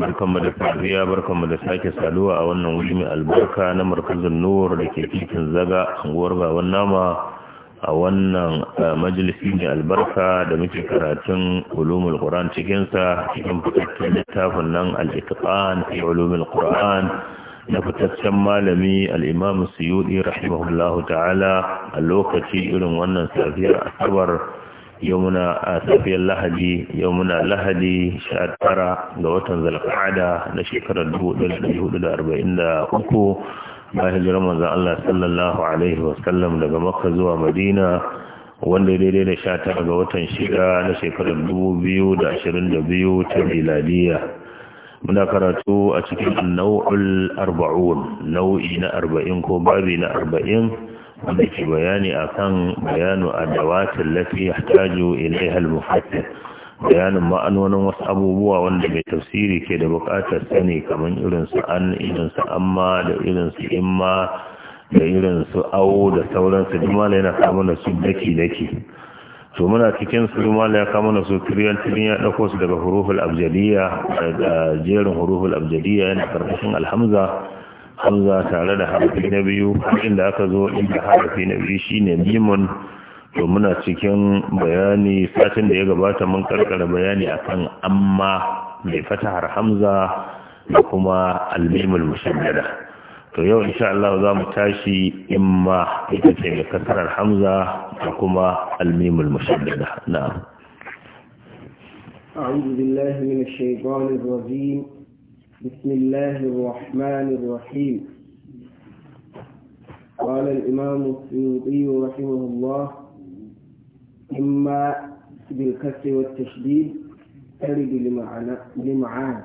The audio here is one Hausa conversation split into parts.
barkanmu da safiya barkanmu da sake saduwa a wannan wuri mai albarka na markazin nuwar da ke titin zaga anguwar baban nama a wannan majalisi mai albarka da muke karatun ulumul qur'an cikinsa cikin fitaccen littafin nan al-itqan fi ulumul qur'an na fitaccen malami al-imam suyudi rahimahullahu ta'ala a lokaci irin wannan safiyar asabar yau muna a safiyar lahadi yau muna lahadi sha ga watan zalqa'ada na shekarar 1443 ba hijirar manzan Allah sallallahu alaihi wasallam daga Makka zuwa Madina wanda daidai da sha ga watan shida na shekarar 2022 ta miladiya muna karatu a cikin nau'ul arba'un nau'i na arba'in ko babi na arba'in wanda bayani akan bayanu adawatin a yahtaju ilaiha al-mufassir bayanin ma'anonin wasu abubuwa wanda mai tafsiri ke da bukatar sani kamar irinsu an irinsu amma da irinsu imma da irinsu au da sauransu jimala yana kama da su daki-daki to muna cikin su jimala ya kama da su kiriyar tiriyan ya ɗauko su daga huruful abjadiya daga jerin huruful abjadiya yana karkashin alhamza hamza tare da harafi na biyu inda aka zo inda harafi na biyu shine mimun to muna cikin bayani satin da ya gabata mun karkara bayani akan amma mai fatahar hamza da kuma almimul mushaddada to yau insha Allah za mu tashi imma ita ce mai kasarar hamza da kuma almimul mushaddada na أعوذ بالله من الشيطان الرجيم بسم الله الرحمن الرحيم قال الإمام السيوطي رحمه الله إما بالكسر والتشديد ترد لمعنى لمعان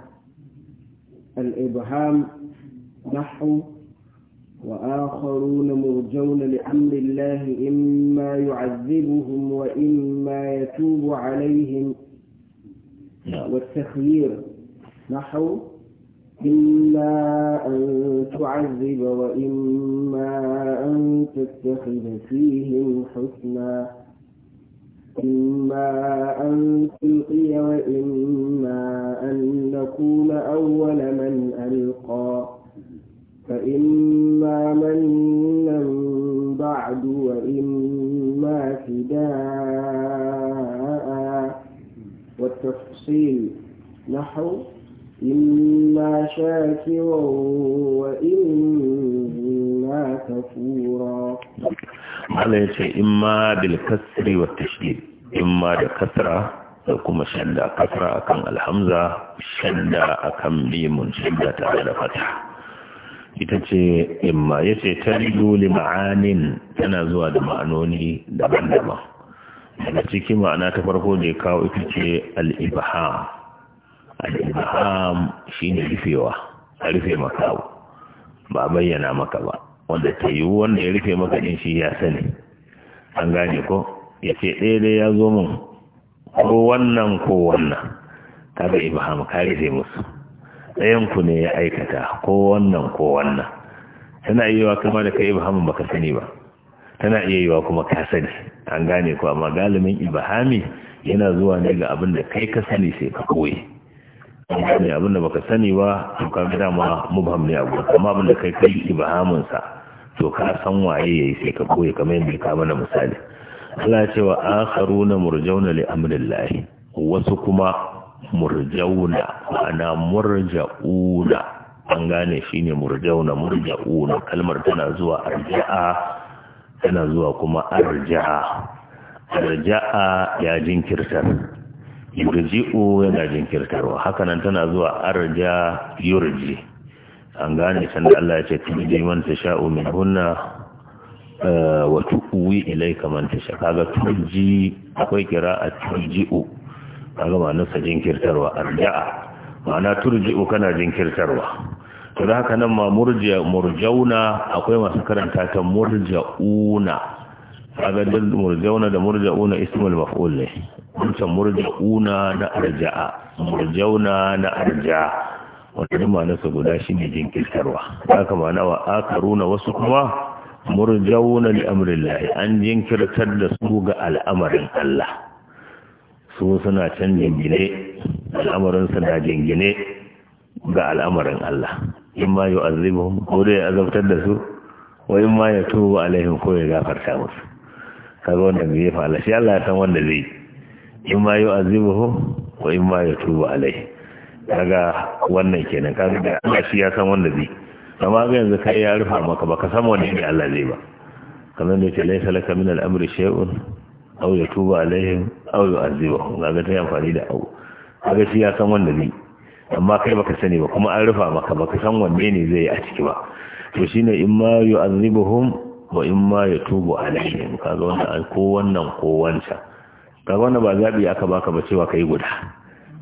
الإبهام نحو وآخرون مرجون لأمر الله إما يعذبهم وإما يتوب عليهم نعم. والتخيير نحو إلا أن تعذب وإما أن تتخذ فيهم حسنا إما أن تلقي وإما أن نكون أول من ألقى فإما منا بعد وإما فداء والتفصيل نحو إما شاكرا وإما كفورا هذا يشي إما بالكسر والتشديد إما بالكسرة kuma shadda kasra akan الحمزة shadda akan mimun shadda tare da fata ita ce imma ya ce taridu li ma'anin tana zuwa da ma'anoni daban-daban daga ciki ma'ana ta farko ne kawo ita ce al'ibham al'am shi ne rufewa a rufe maka abu ba bayyana maka ba wanda ta yi wanda ya rufe maka ɗin shi ya sani an gane ko ya ce ɗaya dai ya zo mun ko wannan ko wannan kaga ibham ka rufe musu ɗayan ne ya aikata ko wannan ko wannan tana iya yiwa kama da kai ba baka sani ba tana iya yiwa kuma ka sani an gane ko amma galibin ibhami yana zuwa ne ga abin da kai ka sani sai ka koyi ne abin baka sani ba to ka ga dama mubham ne abu amma abin kai kai ibhamin sa to ka san waye yayi sai ka koyi kamar yadda ka mana misali Allah ya ce wa akharuna murjauna li amrillah wasu kuma murjauna ana murjauna an gane shine murjauna murjauna kalmar tana zuwa arja'a tana zuwa kuma arja'a arja'a ya jinkirtar yurji'u yana jinkirtarwa hakanan tana zuwa arja yurji an gane sanda Allah ya ce tuji man sha'u min hunna eh, wa tuwi ilayka man sha'a kaga tuji akwai kira'a turji'u kaga ma nasa jinkirtarwa arja'a ma'ana turji'u kana jinkirtarwa to da haka nan ma murja murjauna akwai masu karanta ta murja'una kaga dal murjauna da murjauna ismul maf'ul ne wancan murjauna na arja'a murjauna na arja'a wanda duk ma'anar su guda shine jinkirtarwa ma nawa aka runa wasu kuma murjauna li amrillahi an jinkirtar da su ga al'amarin Allah su suna can jingine al'amarin su na jingine ga al'amarin Allah in ma yu'azzibuhum ko dai azabtar da su wa in ma yatubu alaihim ko ya gafarta musu kaga wanda zai fala shi Allah ya san wanda zai in ma yi yu'azibuhu ko in ma tuba alai kaga wannan kenan kaga da Allah shi ya san wanda zai amma ga yanzu kai ya rufa maka baka san wanda ne Allah zai ba kamar da yake laysa laka min al-amri shay'un aw yatubu alaihim aw yu'azibuhum kaga ta amfani da au kaga shi ya san wanda zai amma kai baka sani ba kuma an rufa maka baka san wanne ne zai yi a ciki ba to shine in ma yu'azibuhum wa in ma ya tubu alaihim kaga wanda ko wannan ko wancan kaga wanda ba zabi aka baka ba cewa kai guda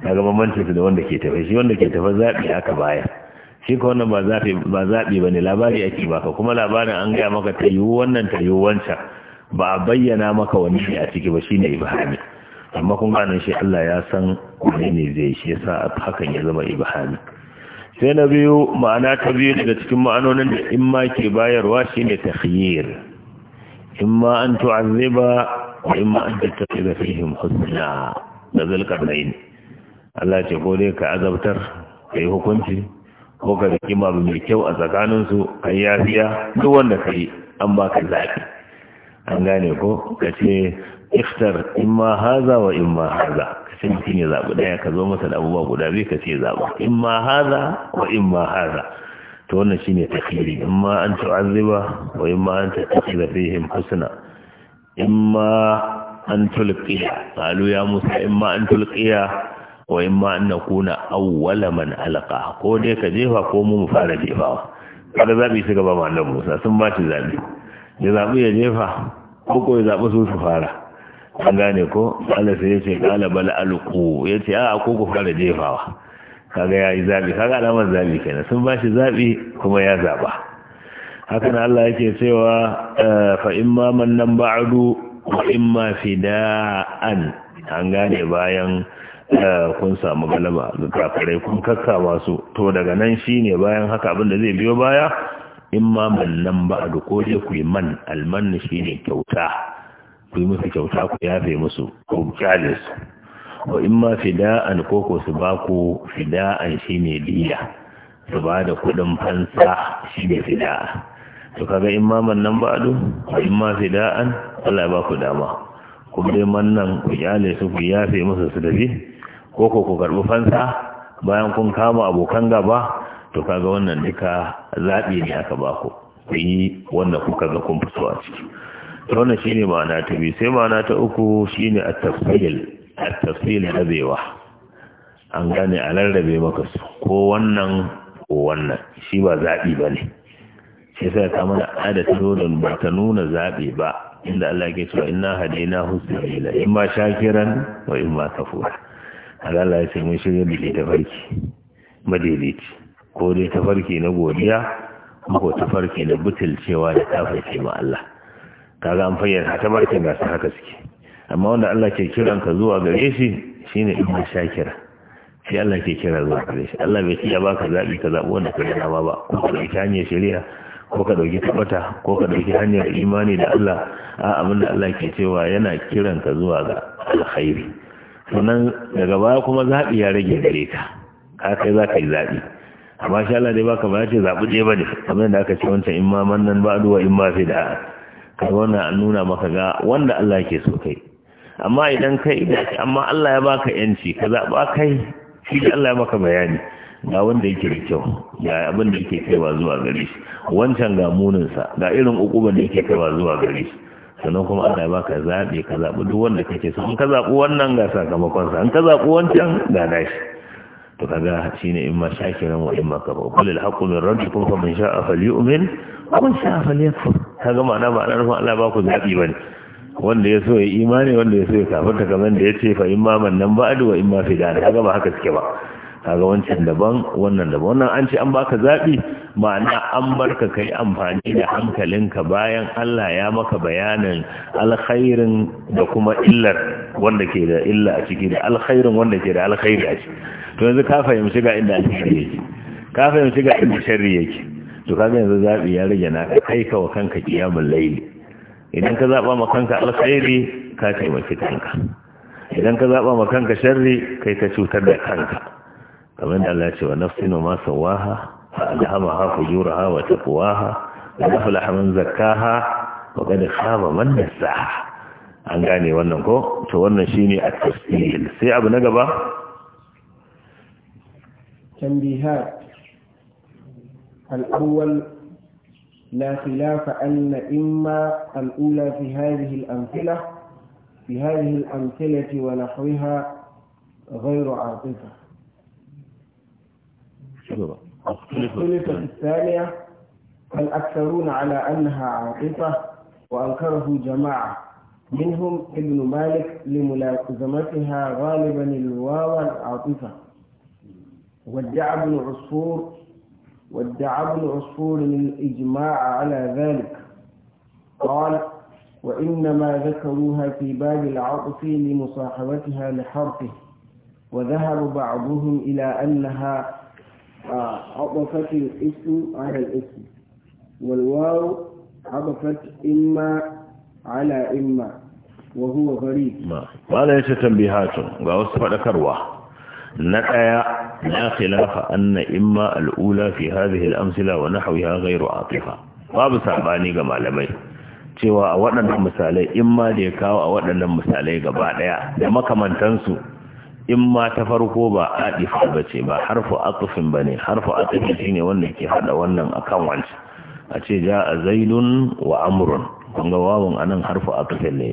kaga bambanci da wanda ke tafe shi wanda ke tafe zabi aka baya shi ko wannan ba zabi ba zabi bane labari ake baka kuma labarin an ga maka ta yiwu wannan ta yiwu wancan ba a bayyana maka wani shi a ciki ba shine ibahami amma kun ganin shi Allah ya san wani ne zai shi yasa hakan ya zama ibahami sai na biyu ma'ana ta biyu daga cikin ma'anonin da in ma ke bayarwa shine takhyir in ma an ba, wa in ma an da fihim husna da yi Allah ce ko dai ka azabtar ka yi hukunci ko ka riki ma mai kyau a tsakaninsu yi yafiya duk wanda ka yi an ka zafi an gane ko ka kace iftar ma haza wa ma haza sai mutum ya zaɓi ɗaya ka zo masa da abubuwa guda biyu ka ce zaɓa in ma haza wa in ma haza to wannan shine tafsiri in ma an tu'azziba wa in ma an da fihim husna in ma an tulqiya qalu ya musa in ma an tulqiya wa in ma an nakuna awwala man alqa ko dai ka jefa ko mu mu fara jefawa kada zabi shi gaba ma annabi musa sun ba shi zabi ya zabi ya jefa ko ko ya zabi su su fara an gane ko Allah sai yace qala bal alqu yace a ko ku fara jefawa kaga yayi zaɓi, kaga alamar zabi kenan sun bashi zabi kuma ya zaba na Allah yake cewa eh, fa imma man nan ba'du wa imma fida'an an gane bayan eh, kun samu galaba ga kun kakka masu to daga nan shine bayan haka abin da zai biyo baya imma man nan ba'du ko je ku yi man alman shine kyauta ku yi musu kyauta ku yafe musu ku kyale su in ma fida'an ko ko su ba ku fida'an ne diya su ba da kuɗin fansa shi ne fida'a to kaga in ma man mannan ba'du ko in ma fida'an Allah ya ba ku dama kuma dai nan ku yale su ku yafe musu su dafi ko ko ku karɓi fansa bayan kun kama abokan gaba to kaga wannan duka zaɓi ne aka ba ku yi wanda kuka ga kun fito a ciki wannan shine ma'ana ta biyu sai ma'ana ta uku shine at-tafsil at-tafsil rabewa an gane a rarrabe maka su ko wannan ko wannan shi ba zabi bane ne sai sai ka mana ada ta zo ba ta nuna zaɓi ba inda Allah ke cewa inna hadaina husayla imma shakiran wa imma kafura Allah ya ce mun shirye da tafarki madaidaici ko dai tafarki na godiya ko tafarki na butulcewa da tafarki ma Allah kaga an fayyana ta barkin da su haka suke amma wanda Allah ke kiran ka zuwa gare shi shine ibnu shakira shi Allah ke kira zuwa gare shi Allah bai ya baka zabi ka zabo wanda ka da ba ko ka dauki hanyar shari'a ko ka dauki tabbata ko ka dauki hanyar imani da Allah a abin da Allah ke cewa yana kiran ka zuwa ga alkhairi sannan daga baya kuma zabi ya rage gare ka ka kai za ka yi zabi amma shi Allah dai baka ba ce zabi je bane kamar da aka ce wancan imma mannan ba'du wa imma da. kai wannan nuna maka ga wanda Allah yake so kai amma idan kai amma Allah ya baka yanci ka zaba kai shi Allah ya maka bayani ga wanda yake da kyau ga abin da yake kaiwa zuwa gare shi wancan ga munin sa ga irin ukuban da yake kaiwa zuwa gare shi sannan kuma Allah ya baka zabe ka zabi duk wanda kake so in ka zabi wannan ga sakamakon sa in ka zabi wancan ga nashi to kaga shine in ma shakiran wa in ma kafa qul haqqu min rabbikum faman sha'a falyu'min wa man sha'a falyakfur kaga ma'ana ma'ana rufin Allah ba ku zaɓi ba ne. wanda ya so ya imani wanda ya so ya ta kamar da ya ce fa imma man nan ba duwa imma fi dar kaga ba haka suke ba kaga wancan daban wannan daban wannan an ce an baka zaɓi, ma'ana an barka kai amfani da hankalinka bayan Allah ya maka bayanin alkhairin da kuma illar wanda ke da illa a ciki da alkhairin wanda ke da alkhairi a ciki to yanzu ka fahimci ga inda alkhairi yake ka fahimci ga inda sharri yake to kaga yanzu zabi ya rage na kai ka wa kanka kiyamul layli idan ka zaba ma kanka alkhairi ka taimaki kanka idan ka zaba ma kanka sharri kai ka cutar da kanka kamar da Allah ya ce wa nafsinu ma sawaha fa alhamaha fujuraha wa taqwaha wa aflaha man zakkaha wa qad khaba man dassaha an gane wannan ko to wannan shine at tasbih sai abu na gaba tambihat الأول لا خلاف أن إما الأولى في هذه الأمثلة في هذه الأمثلة ونحوها غير عاطفة الثالثة الثانية الأكثرون على أنها عاطفة وأنكره جماعة منهم ابن مالك لملازمتها غالبا الواو العاطفة وادعى ابن عصفور وادعى ابن عصفور الإجماع على ذلك قال وإنما ذكروها في باب العطف لمصاحبتها لحرفه وذهب بعضهم إلى أنها آه، عطفت الاسم على الاسم والواو عطفت إما على إما وهو غريب ما هذا يتنبيهات وأصفى ذكروا نتأيأ لا خلاف أن إما الأولى في هذه الأمثلة ونحوها غير عاطفة babu sabani ga malamai cewa a waɗannan misalai in da ya kawo a waɗannan misalai gabaɗaya da makamantansu in ma ta farko ba aɗifa ba ce ba harfu atufin ba ne harfu atufin shi ne wanda ke haɗa wannan akan wancan a ce ja a zaidun wa amurun kun ga wawon anan ne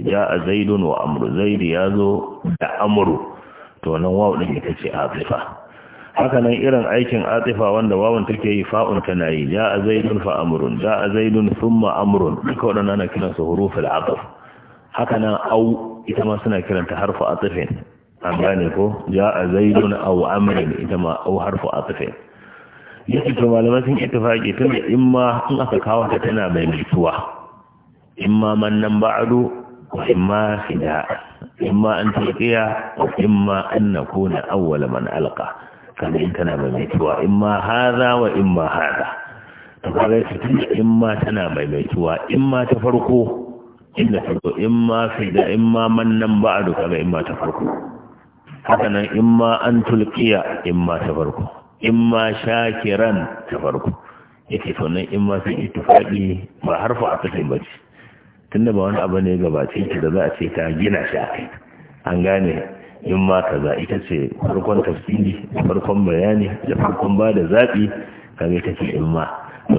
ya zo da amuru to nan ɗin ita ce atifa haka nan irin aikin atifa wanda wawan take yi fa'un tana yi ya a zaidun fa amrun ja a zaidun thumma amrun duka waɗannan ana kiran su huruful atf haka nan au ita ma suna kiranta harfu atifin an gane ko ya a zaidun au amrin ita ma au harfu atifin yake to malamai sun ittifaqi tun in ma in aka kawo ta tana mai mutuwa in ma mannan ba'du wa in ma fida in ma an taqiya wa in ma an nakuna awwala man alqa kan in tana maimaituwa in ma haza wa in ma haza ta kwarai su in ma tana maimaituwa in ma ta farko inda ta zo in ma fi da in ma mannan ba a duka ga in ma ta farko hakanan in ma an tulkiya in ma ta farko in ma shakiran ta farko yake ke nan in ma fi faɗi ba harfu a cikin ba ce tunda ba wani abu ne gabace ki da za a ce ta gina shi an gane in ma kaza ita ce farkon tafsiri da farkon bayani da farkon ba da zaɓi kaga ita ce in ma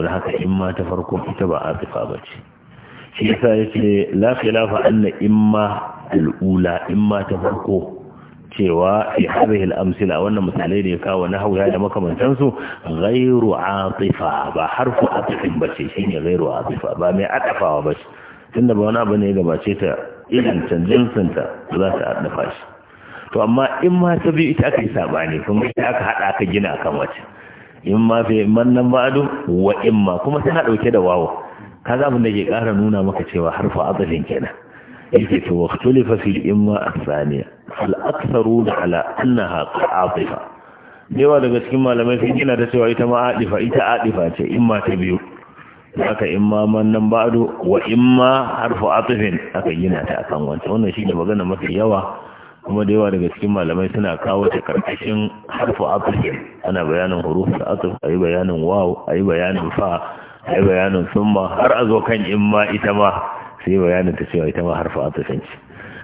haka in ma ta farko ita ba atifa ba ce shi yasa ya ce la lafa anna in ma al'ula in ma ta farko cewa fi hadhihi al-amsila wannan misalai da ya kawo na hauya da makamantansu ghairu atifa ba harfu atifin bace shine ghairu atifa ba mai ba ce tunda ba wani abu ne gabace ta irin canjin za ta addafa shi to amma in ma ta biyu ita aka yi sabani kuma ita aka haɗa aka gina kan wacce in ma fi mannan ba'adu wa in ma kuma tana ɗauke da wawa. ka za da ke ƙara nuna maka cewa harfa azalin kenan yake to wa tulifa fi in ma asaniya fal aktharu ala annaha qa'atifa yawa daga cikin malamai sun gina ta cewa ita ma adifa ita adifa ce in ma ta biyu haka in ma mannan ba'adu wa in ma harfa atfin aka gina ta akan wancan wannan shi ne magana mafi yawa kuma da yawa daga cikin malamai suna kawo ta karkashin harfu afirkin ana bayanin huruf da asif a yi bayanin waw a yi bayanin fa a yi bayanin summa har a zo kan in ma ita ma sai bayanin ta cewa ita ma harfu afirkin ce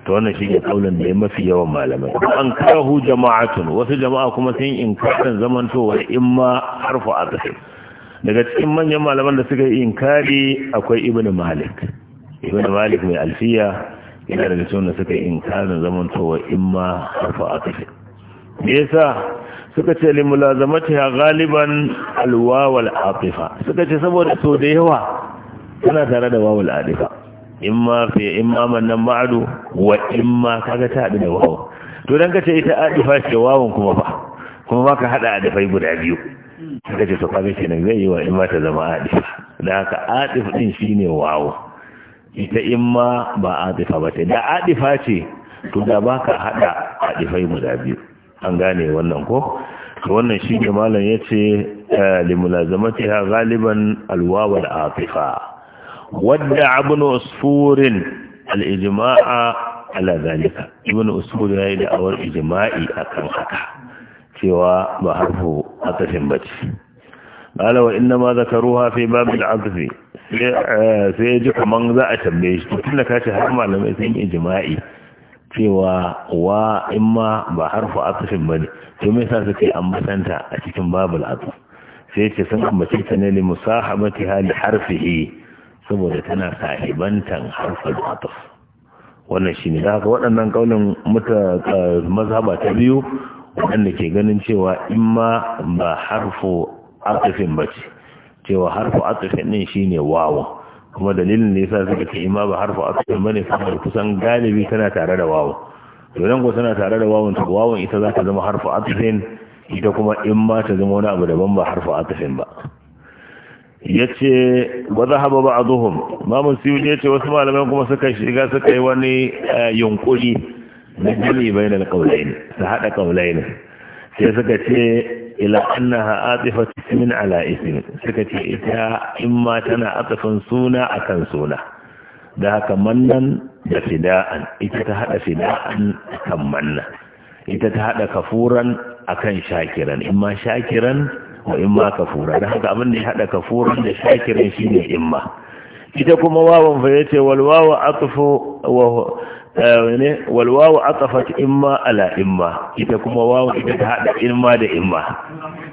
to wannan shi ne kaulin da ya mafi yawan malamai an karahu jama'atun wasu jama'a kuma sun inkarin zamantowa in ma harfu afirkin daga cikin manyan malaman da suka yi inkari akwai ibn malik ibn malik mai alfiya yana daga cikin da suka yi zaman zamantowa in ma harfa a kashe me yasa suka ce li mulazamatiha galiban alwawal aqifa suka ce saboda so da yawa suna tare da wawul adifa ma fi imma mannan ma'adu wa in ma. kaga ta da wawa to dan kace ita adifa ce wawun kuma fa kuma ba ka hada adifai guda biyu suka ce to kaga ne zai yi wa in ma ta zama adifa da haka adif din shine wawu ita in ma ba adifa ba ce da adifa ce to da ba ka haɗa adifai guda biyu an gane wannan ko wannan shi ne malam ya ce eh, limulazamati ha galiban alwawar afifa wadda abin usfurin al'ijima'a ala zalika ibn usfur ya yi da'awar ijima'i a kan haka cewa ba harfu akasin bace قال وإنما ذكروها في باب العطف Eh, sai ya ji kamar za a tambaye shi tun da kace har malamai sun yi jima'i cewa wa in ma ba harfu asifin ba ne to me yasa suka yi ambatanta a cikin babul asu sai sun ambace ta ne li musahabati hali harfihi saboda tana sahibantan harfin asu wannan shi da haka waɗannan kaulin muta eh, mazhaba ta biyu waɗanda ke ganin cewa in ma ba harfu asifin ba ce cewa harfu atfin din shine wawu kuma dalilin da yasa suka ce imma ba harfu atfin bane saboda kusan galibi tana tare da wawu domin go tana tare da wawun to wawun ita za ta zama harfu atfin ita kuma in ma ta zama wani abu daban ba harfu atfin ba yace wa zahaba ba'dhum mamun siyudi yace wasu malaman kuma suka shiga suka yi wani eh, yunkuri na jami'i bainal qawlayn su hada qawlayn sai suka ce ila annaha atifat ismin ala ismin ce ita imma tana atafin suna akan suna da haka mannan da fida'an ita ta hada fida'an kan manna ita ta hada kafuran akan shakiran in shakiran wa imma kafura da haka abin da ya hada kafuran da shakiran shine imma ita kuma wawan fa yace wal wawu wa ne walwawu atafat imma ala imma ita kuma wawu ita ta hada imma da imma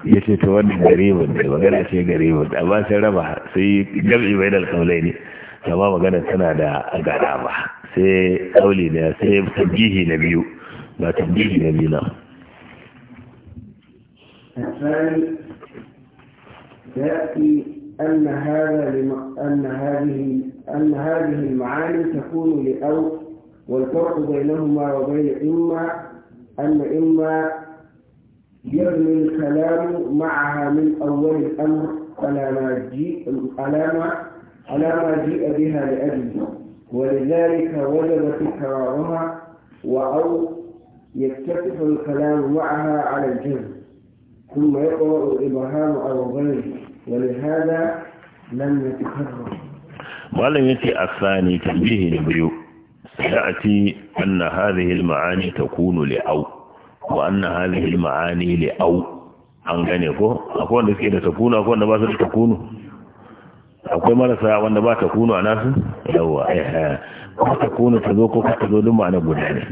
yace to wannan garibun ne magana ce garibun amma sai raba sai jam'i bainal qawlaini amma magana tana da gada ba sai kauli ne sai tabihi na biyu ba tabihi na biyu na يأتي أن هذا أن هذه أن هذه المعاني تكون لأو والفرق بينهما وبين إما أن إما يرمي الكلام معها من أول الأمر على ما جيء ما على ما جيء بها لأجله ولذلك وجب تكرارها وأو يتفق الكلام معها على الجهل ثم يقرأ الإبهام أو غيره ولهذا لم يتكرر. ولم يتي الثاني تنبيه لبيوت سيأتي أن هذه المعاني تكون لأو وأن هذه المعاني لأو an gane ko akwai wanda suke da ta akwai wanda ba su da ta akwai marasa wanda ba ta a nasu yawa ko ta ta zo ko ka ta zo duk ma'ana guda ne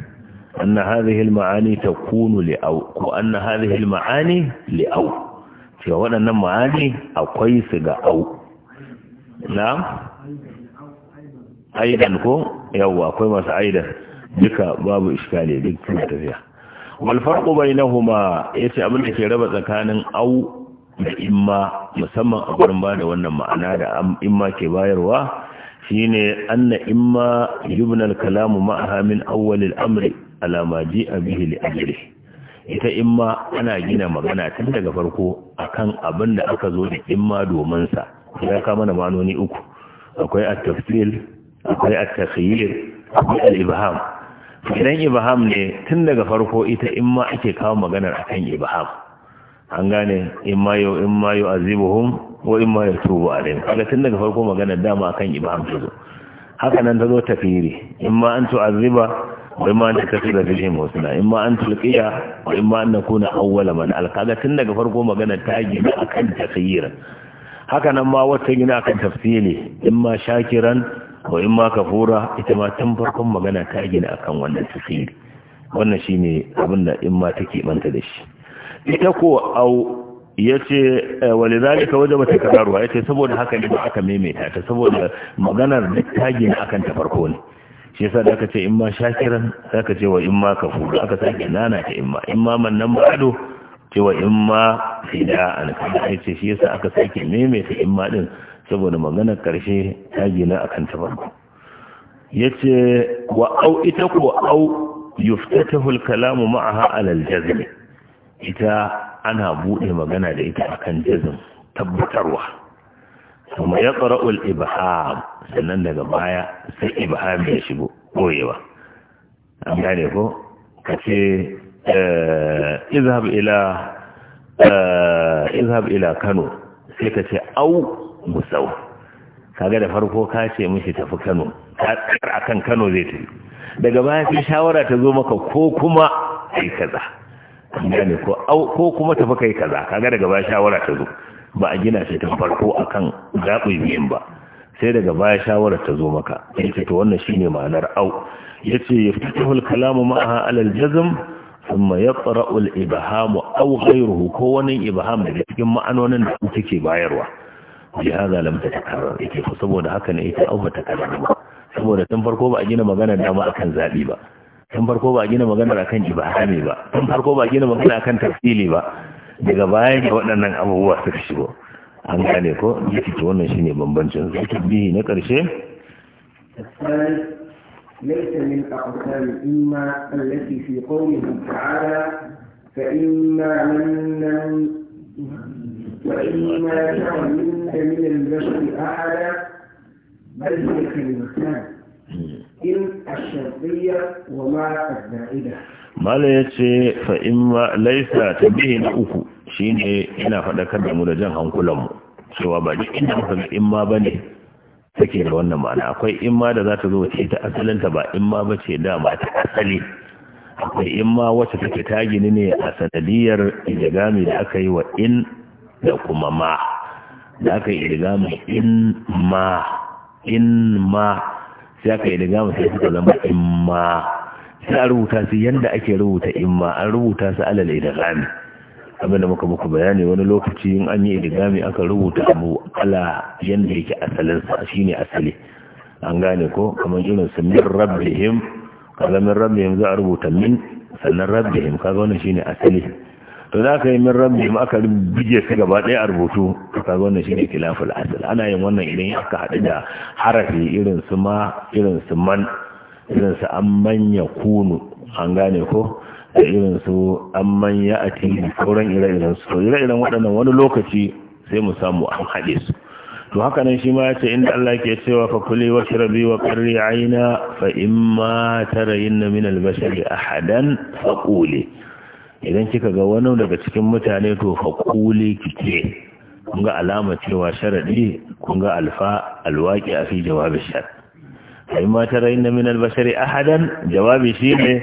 anna hadhihi al takunu li aw ko anna hadhihi al-ma'ani li aw cewa waɗannan ma'ani akwai su ga au na aidan ko yawwa akwai masu aida duka babu iskali duk suna tafiya wal farqu bainahuma yace abin da ke raba tsakanin au da imma musamman a gurin bada wannan ma'ana da imma ke bayarwa shine anna imma yubna kalamu ma'aha min amri alamaji, ma ji'a bihi li ita imma ana gina magana tun daga farko akan abin da aka zo da imma domin sa ya ka mana manoni uku akwai at-tafsil akwai al-tasir akwai al-ibham idan ibham ne tun daga farko ita in ma ake kawo maganar kan ibham an gane in ma yau in ma yau azibuhum wa in ma yau tubu alim kaga tun daga farko maganar dama a kan ta zo haka nan ta zo tafiri in ma an tu'azziba wa in ma an tasira fi shim wasna in ma an tulqiya wa in ma an nakuna awwala man al kaga tun daga farko maganar ta gina a kan haka Hakanan ma wata gina akan tafsili in ma shakiran wa in ma kafura ita ma tun farkon magana ta gina akan wannan tasiri wannan shine abin da in ma take manta da shi ita ko au yace eh, walidhalika wajaba takraruha yace saboda haka ne aka maimaita ta saboda maganar da ta gina akan ta farko ne shi yasa da aka ce in ma shakiran zaka ce wa in ma kafura aka sake nana ta in ma in ma mannan ce cewa in ma fida'an kada yace shi yasa aka sake maimaita in ma din saboda magana ƙarshe ta gina a kan tabarku ya ce wa au ita ko au yuftatahul kalamu ma'aha alal jazmi ita ana buɗe magana da ita akan jazm tabbatarwa kuma ya qara'ul ibaham sannan daga baya sai ibaham ya shigo koyewa an gane ko ka ce eh, eh, izhab ila kano sai ka ce au gusau kaga da farko ka ce mishi tafi Kano ta a akan Kano zai tafi daga baya sai shawara ta zo maka ko kuma kai kaza gane ko ko kuma tafi kai kaza kaga daga baya shawara ta zo ba a gina shi ta farko akan zabi biyin ba sai daga baya shawara ta zo maka yace to wannan shine ma'anar au yace yaftahul kalamu ma'aha alal jazm thumma yaqra'u al ibham aw ghayruhu ko wani ibham da cikin ma'anonin da take bayarwa lihaza lam tatakarrar yake ko saboda haka ne yake au tatakarrar ba saboda tun farko ba a gina magana da dama akan zabi ba tun farko ba a gina magana akan ibada ne ba tun farko ba a gina magana akan tafsili ba daga baya ne waɗannan abubuwa suka shigo an gane ko yake to wannan shine bambancin zaki bihi na ƙarshe ليس من أقسام إما التي في قوله تعالى فإما من وإما تعلمن من البشر أحدا بل هي كلمتان إن الشرطية وما الزائدة ya ce fa'in ma ta bihe na uku ina faɗakar da mu da jan mu cewa ba inda ma take da wannan ma'ana akwai imma da zata ta zo ce ta asalinta ba imma ba ce ta asali akwai imma wacce take tagini ne a sanadiyar idigami da aka yi wa in da kuma ma da aka yi mu in ma in ma sai aka yi mu sai suka zama in ma sai a rubuta su yadda ake rubuta in ma an rubuta su alal idgami abinda muka muku bayani wani lokaci in an yi idgami aka rubuta mu ala yadda yake asalinsa shine asali an gane ko kamar irin su min rabbihim kalamin rabbihim za a rubuta min sannan rabbihim kaga wannan shine asali to za ka yi min rabbi ma aka bije su gaba ɗaya a rubutu ka shi shine kilaful asal ana yin wannan idan aka haɗu da harafi irin su ma irin su man irin su an manya kunu an gane ko da irin su an manya a cikin sauran ire-iren su ire-iren waɗannan wani lokaci sai mu samu an haɗe su to haka nan shi ma ya ce inda Allah ke cewa fa kuli wa shrabi wa qarri aina fa imma tarayinna min al-bashari ahadan fa idan kika ga wani daga cikin mutane to fa kule kike kun ga alama cewa sharadi kun ga alfa alwaqi a fi jawabi shar ai ma tara inna min albashari ahadan jawabi shi ne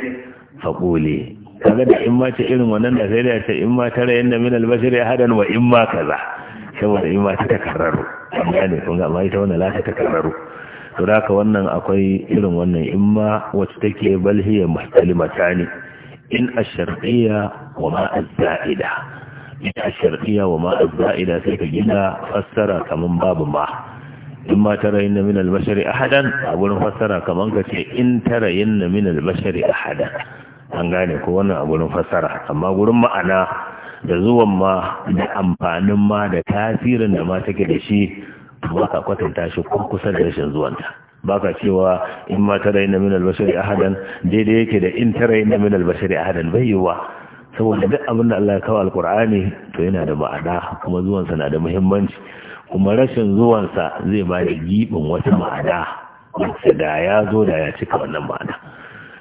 fa kule kaga da in ma ta irin wannan da sai da ta in ma tara inna min albashari ahadan wa in ma kaza saboda in ma ta takarraru amma ne kun ga amma ita wannan la ta takarraru to da ka wannan akwai irin wannan in ma wacce take balhiya muhtalimata ne in ashar'iyya wa ma az-za'ida in wa ma az sai ka gina fassara kaman babu ma in ma tarayinna min al-bashari ahadan a wurin fassara kaman ka ce in tarayinna min al-bashari ahadan an gane ko wannan wurin fassara amma gurin ma'ana da zuwan ma da amfanin ma da tasirin da ma take da shi ba ka kwatanta shi ko kusa da rashin zuwanta baka cewa in ma tara ina min albashari bashari ahadan daidai yake da in tara ina min albashari ahadan bai yiwa saboda duk abin da Allah ya kawo alqur'ani to yana da ma'ana kuma zuwan sa na da muhimmanci kuma rashin zuwan sa zai ba da gibin wata ma'ana wacce da ya zo da ya cika wannan ma'ana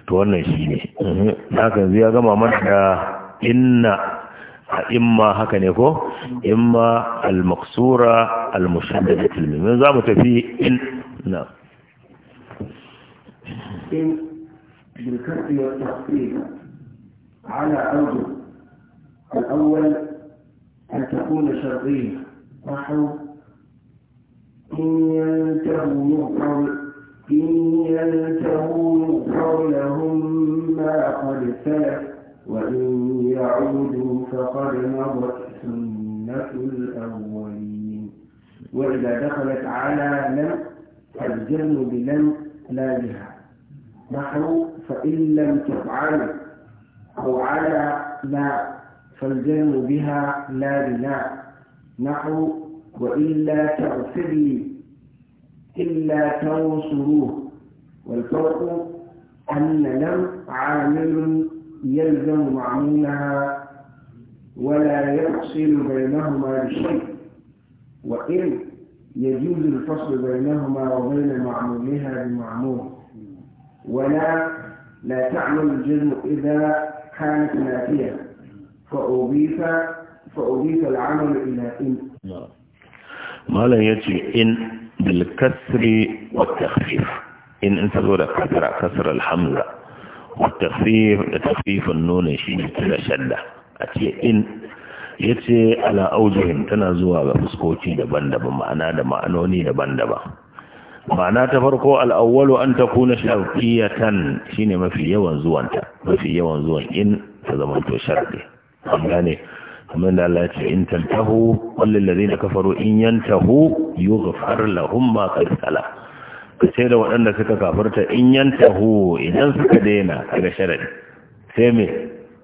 to wannan shine mhm. haka zai ya gama mana da inna imma haka ne ko imma al-maqsura al-mushaddadatul mim za mu tafi in na'am التحسين بالكسر والتخفيف على أوجه الأول أن تكون شرطية نحو إن ينتهوا يغفر إن ينتهوا يغفر لهم ما قد سلف وإن يعودوا فقد مضت سنة الأولين وإذا دخلت على لم فالجر بلم لا بها نحن فإن لم تفعل أو على لا فالجن بها لا بلا نحو وإلا تغفري إلا تنصروه والفرق أن لم عامل يلزم معمولها ولا يفصل بينهما بشيء وإن يجوز الفصل بينهما وبين معمولها بمعمول ولا لا تعمل الجزم إذا كانت نافية فأضيف فأضيف العمل إلى إن ما لا يجي إن بالكسر والتخفيف إن أنت تقول كسر كسر الحمزة والتخفيف تخفيف النون شيء كذا شدة أتي إن yace ala aujihin tana zuwa ga fuskoki daban-daban ma'ana da ma'anoni daban-daban ma'ana ta farko al'awwalu an ta kuna sharfiyatan shine mafi yawan zuwanta mafi yawan zuwan in ta zama to sharfi an gane kamar da Allah ya ce in tantahu wallal ladina kafaru in yantahu yughfar lahum ma qad sala kace da waɗanda suka kafirta in yantahu idan suka daina daga sharadi sai me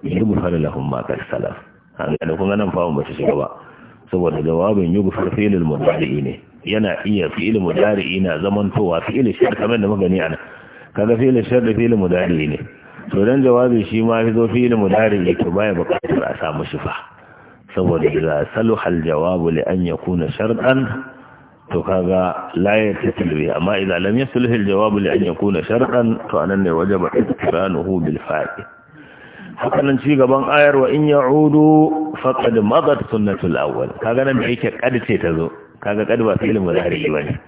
yughfar lahum ma qad sala an gane kun nan fa mu ba shiga ba saboda jawabin yugu fi'ilul mudari ne yana iya fi'il mudari na zamantowa fi'il shar kamar da magani ana kaga fi'il shar da fi'il mudari ne to dan jawabi shi ma fi zo fi'il mudari to baya bukatar a samu shi fa saboda idza saluhal jawabu li an yakuna shar'an to kaga la yattasil bi amma idza lam yasulhu al jawabu li an yakuna shar'an to anan ne wajaba ittibanuhu bil fa'il hakanan ci gaban ayar wa in ya'udu faqad madat sunnatul awwal kaga nan mai yake kad ce ta zo kaga kad ba fi'il mudari bane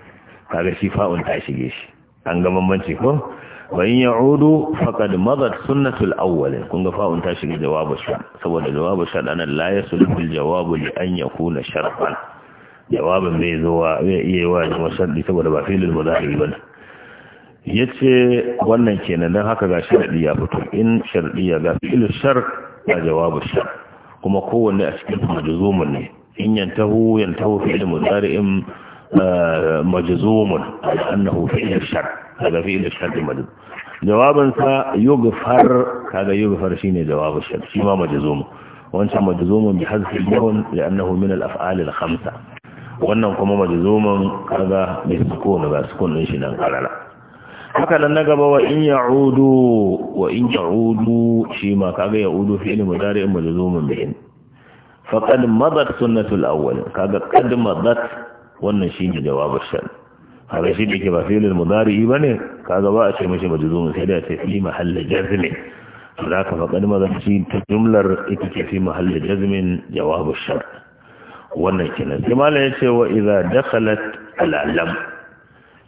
kaga shi fa'un ta shige shi an ga bambanci ko wa in ya'udu faqad madat sunnatul awwal kun ga fa'un ta shige jawabu sha saboda jawabu sha dan la yasulul jawabu li an yakuna sharfan jawabin bai zo wa bai iya yi wa masalli saboda ba fi'il mudari bane ya ce wannan kenan don haka ga sharaɗi ya fito in sharaɗi ya ga fi'il shar ga jawabu shar kuma kowanne a cikin majzumun ne in yantahu yantahu fi'il mudari'in eh, majzumun annahu fi'il shar kaga fi'il shar majzum jawabin sa yughfar kaga yughfar shine jawabu shar shi ma majzum wancan majzumun bi hadfi yawan li'annahu min al-af'al al-khamsa wannan kuma majzumun kaga bi sukun ga sukun din shi nan karara haka nan na gaba wa in ya'udu wa in ya'udu shi ma kaga ya'udu fi ilmi dari mudari'in majzumun bihin faqad madat sunnatul awwal kaga qad madat wannan shi ne jawabin shan haka shi dake ba fi'il mudari bane kaga ba a ce mishi majzumun sai da ce fi mahall jazm zaka faqad madat shi ta jumlar ita ce fi mahall jazm jawabin shan wannan kenan sai malai ya ce wa idza dakhalat al alam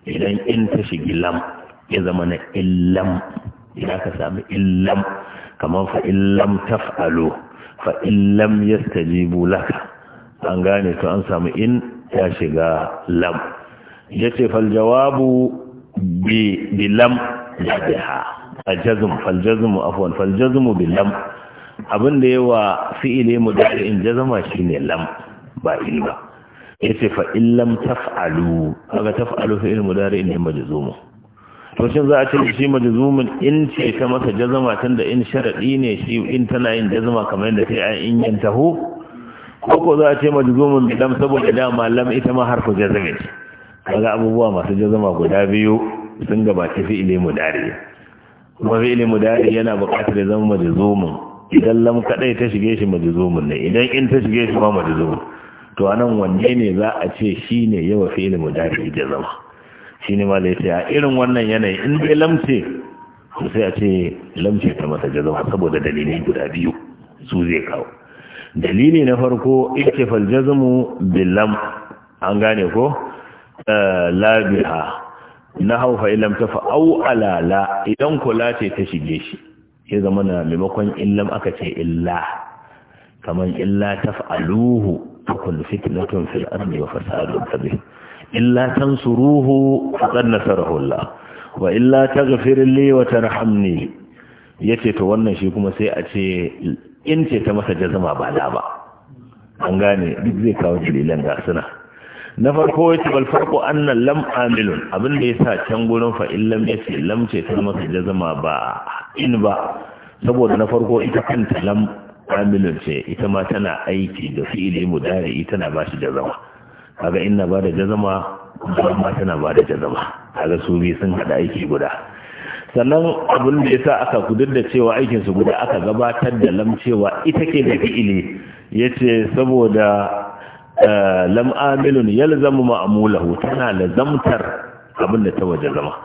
idan in ta shigi lam ya zama na illam ya ka sami illam kamar fa illam fa’alo fa illam yastajibu bulaka. an gane to an samu in ya shiga lam ya fal jawabu bi bilam jadiha ajazm fal jazm afwan fal bi lam. abin da yawa fi'ile in jazama shine lam ba in ba Ya ce fa illam taf'alu kaga mu fi'il in ne majzumu to shin za a ce shi majzumin in ce ta masa jazama da in sharadi ne shi in tana yin jazama kamar yadda sai an in yantahu ko ko za a ce majzumin dam saboda dama lam ita ma harfu jazmi kaga abubuwa masu jazama guda biyu sun fi fi'ili mudari kuma fi'ili mudari yana buƙatar ya zama majzumin idan lam kadai ta shige shi majzumin ne idan in ta shige shi ma majzumin to anan wanne ne za a ce shine yawa fi'ili mudari jazama shi ne malaysia a irin wannan yanayi in bai lamce su sai a ce lamce ta masa jazama saboda dalilai guda biyu su zai kawo dalili na farko ike faljazamu billam an gane ko eh, labiha na haufa ilam ta fa'au alala idan kula ce ta shige shi ya zama na maimakon illam aka ce illa kamar illa ta fa'aluhu tukun fitnatun fil ardi wa fasadun kabir illa tansuruhu faqad nasarahu Allah wa illa taghfir li wa tarhamni yace to wannan shi kuma sai a ce in ce ta masa jazama ba la ba an gane duk zai kawo dalilan ga suna na farko yace bal farqu anna lam amilun abin da yasa can gurin fa in lam yace lam ce ta masa jazama ba in ba saboda na farko ita kanta lam amilun ce ita ma tana aiki da fi'ili mudari tana ba shi jazama kaga ina ba da jazama kuma tana ba da jazama kaga su biyu sun hada aiki guda sannan abin da yasa aka gudun da cewa aikin su guda aka gabatar da lamcewa ita ke da fi'ili yace saboda eh, lam amilun yalzamu ma'amulahu tana zamtar abin da ta waje zama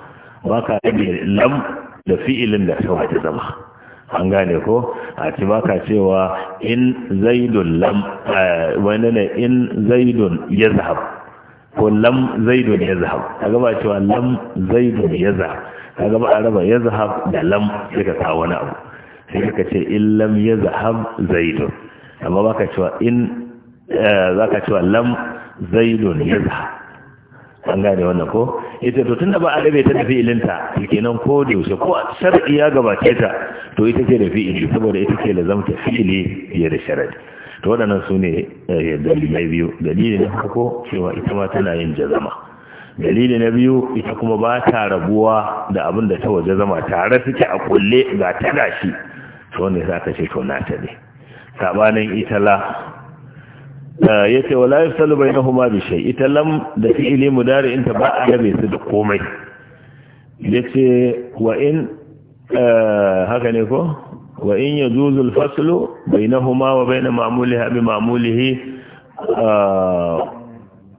ba ka rage lam da fi'ilin da ta waje zama an gane ko a ci baka cewa in zaidun lam eh, wani ne in zaidun ya zahab ko lam zaidun ya zahab a gaba cewa lam zaidun ya zahab a gaba a raba ya zahab da lam sai ka kawo wani abu sai ka ce in lam ya zahab zaidun amma baka cewa in eh, za ka cewa lam zaidun ya zahab an gane wannan ko ita to tunda ba a rabe ta da fi'ilinta kenan ko da yaushe ko shar'i ya gabace ta to ita ce da fi'ili saboda ita ce lazamta fi'ili fiye da sharadi to waɗannan su ne eh, dalilai biyu dalili na farko cewa ita ma tana yin jazama dalili na biyu ita kuma ba ta rabuwa da abin da ta waje zama tare suke a kulle ga ta shi. to wanda sa ka ce to na ta ne sabanin la. ya ce wa layar salubai na huma bishai ita lam da mu mudari inta ba a gabe su da komai ya ce wa in haka ne ko wa in ya zuzul faslo bai na huma wa bai na mamuli haɓi hi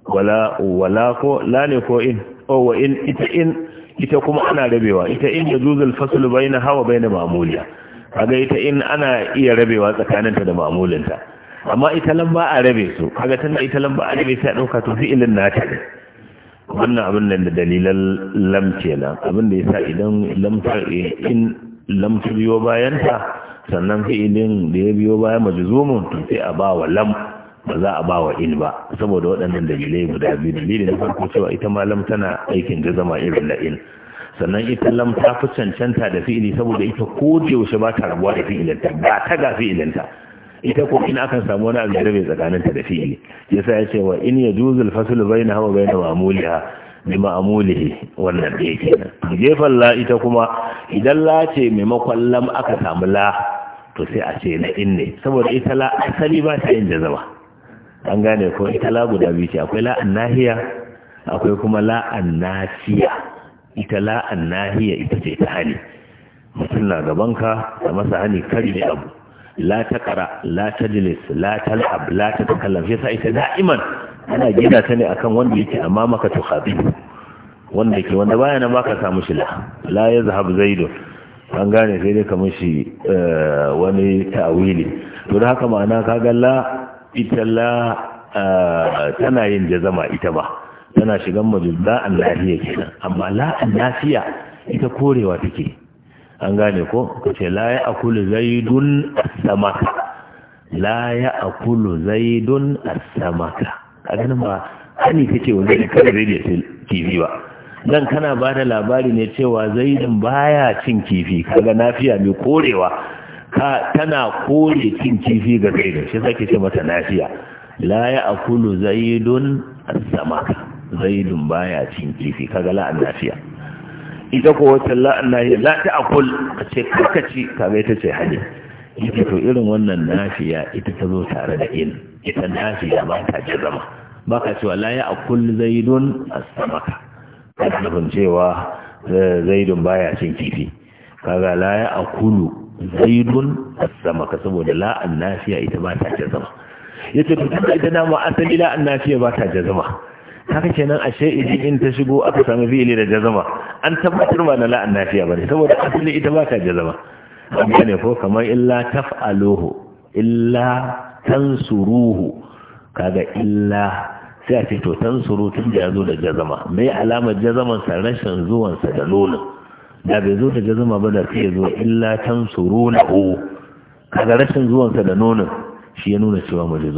wala ko la ne ko in o wa in ita in ita kuma ana rabewa ita in ya zuzul faslo bai na hawa bai na mamuliya kaga ita in ana iya rabewa tsakaninta da mamulinta amma ita lamba a rabe su kaga tana ita lamba a rabe sai a ɗauka to fi'ilin nata ne wannan abin nan da dalilan lam kenan abin da yasa idan lam in lam biyo bayan ta sannan fi'ilin da ya biyo bayan majzumun to sai a ba wa lam ba za a ba wa in ba saboda waɗannan dalilai guda biyu dalilin na farko cewa ita ma lam tana aikin da zama irin da in sannan ita lam ta fi cancanta da fi'ili saboda ita ko da yaushe ba ta rabuwa da fi'ilinta ba ta ga fi'ilinta ita ko in akan samu wani abu da bai tsakanin ta da fi'ili yasa ya ce wa in ya juzul fasulu bainaha wa bain ma'muliha bi ma'mulihi wannan da yake nan gefen la ita kuma idan la ce maimakon lam aka samu la to sai a ce na in ne saboda ita la asali ba ta yin jazaba an gane ko ita la guda biyu ce akwai la annahiya akwai kuma la annafiya ita la annahiya ita ce ta hani mutum na gabanka da masa hani kari ne abu la taqra latal ab, la tal'ab la yasa ita da'iman ana gina ta ne akan wanda yake amma maka tukhabi wanda ke wanda baya nan baka samu shi la la yazhab zaidun an gane sai dai kamar shi eh, wani ta'awili to da haka ma'ana kaga la ita la eh, tana yin jazama ita ba tana shigan majul la an kenan amma la an ita korewa take an gane ko ka ce la ya akulu zaidun asamaka la ya akulu zaidun asamaka a ganin ba hani kake ce zai kada zai da kifi ba dan kana ba da labari ne cewa zaidun baya cin kifi kaga nafiya mai korewa ka tana kore cin kifi ga zaidun shi sake ce mata nafiya la ya akulu zaidun asamaka zaidun baya cin kifi kaga la'an nafiya ita ko wacce la'anahi la ta akul a ce karkaci kaga ita ce hali ita to irin wannan nafiya ita ta zo tare da in ita nafiya ba ta ce zama ba ka cewa la ya akul zaidun a samaka ka nufin cewa eh, zaidun baya cin kifi kaga la ya akulu zaidun as-samaka saboda la'an nafiya ita ba ta ce zama yace to tunda ita dama asali la'an nafiya ba ta ce zama haka kenan ashe idan in ta shigo aka sami fi'ili da jazama an tabbatar ba na la'an nafiya bane saboda asali ita ba ta jazama amma ne ko kamar illa taf'aluhu illa tansuruhu kaga illa sai a ce to tansuru tun da ya da jazama mai alamar jazaman sa rashin zuwansa da nonin da bai zo da jazama ba da sai ya zo illa tansuruhu kaga rashin zuwansa da nonin shi ya nuna cewa mu ne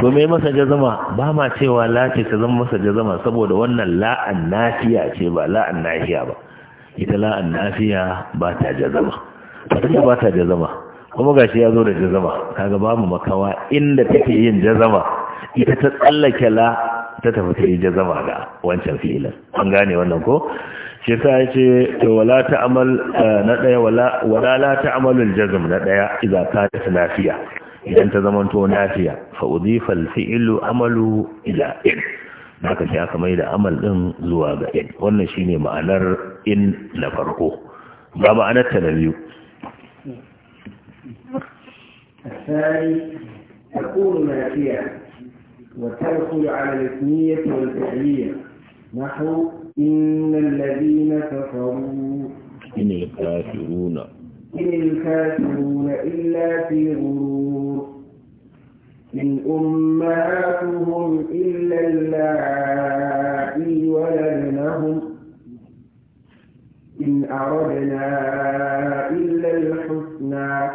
to mai masa jazama ba ma cewa la ce ta zama masa jazama saboda wannan la'an nafiya ce ba la'an nafiya ba ita la'an nafiya ba ta jazama ba ta ba ta jazama kuma shi ya zo da jazama kaga babu makawa inda take yin jazama ita ta tsallake la ta tafi ta yi jazama ga wancan filin an gane wannan ko kisa yasa yace to wala ta'mal na daya wala wala la ta'malul jazm na daya idza kanat nafiya idan ta zaman to nafiya fa udifa al fi'lu amalu ila in haka sai aka mai da amal din zuwa ga in wannan shine ma'anar in na farko ba ma'anar ta na biyu الثاني ما فيها وتدخل على الاثنية والفعلية نحو إن الذين كفروا إن الكافرون إن الكافرون إلا في غرور إن أمهاتهم إلا اللائي ولدنهم إن أردنا إلا الحسنى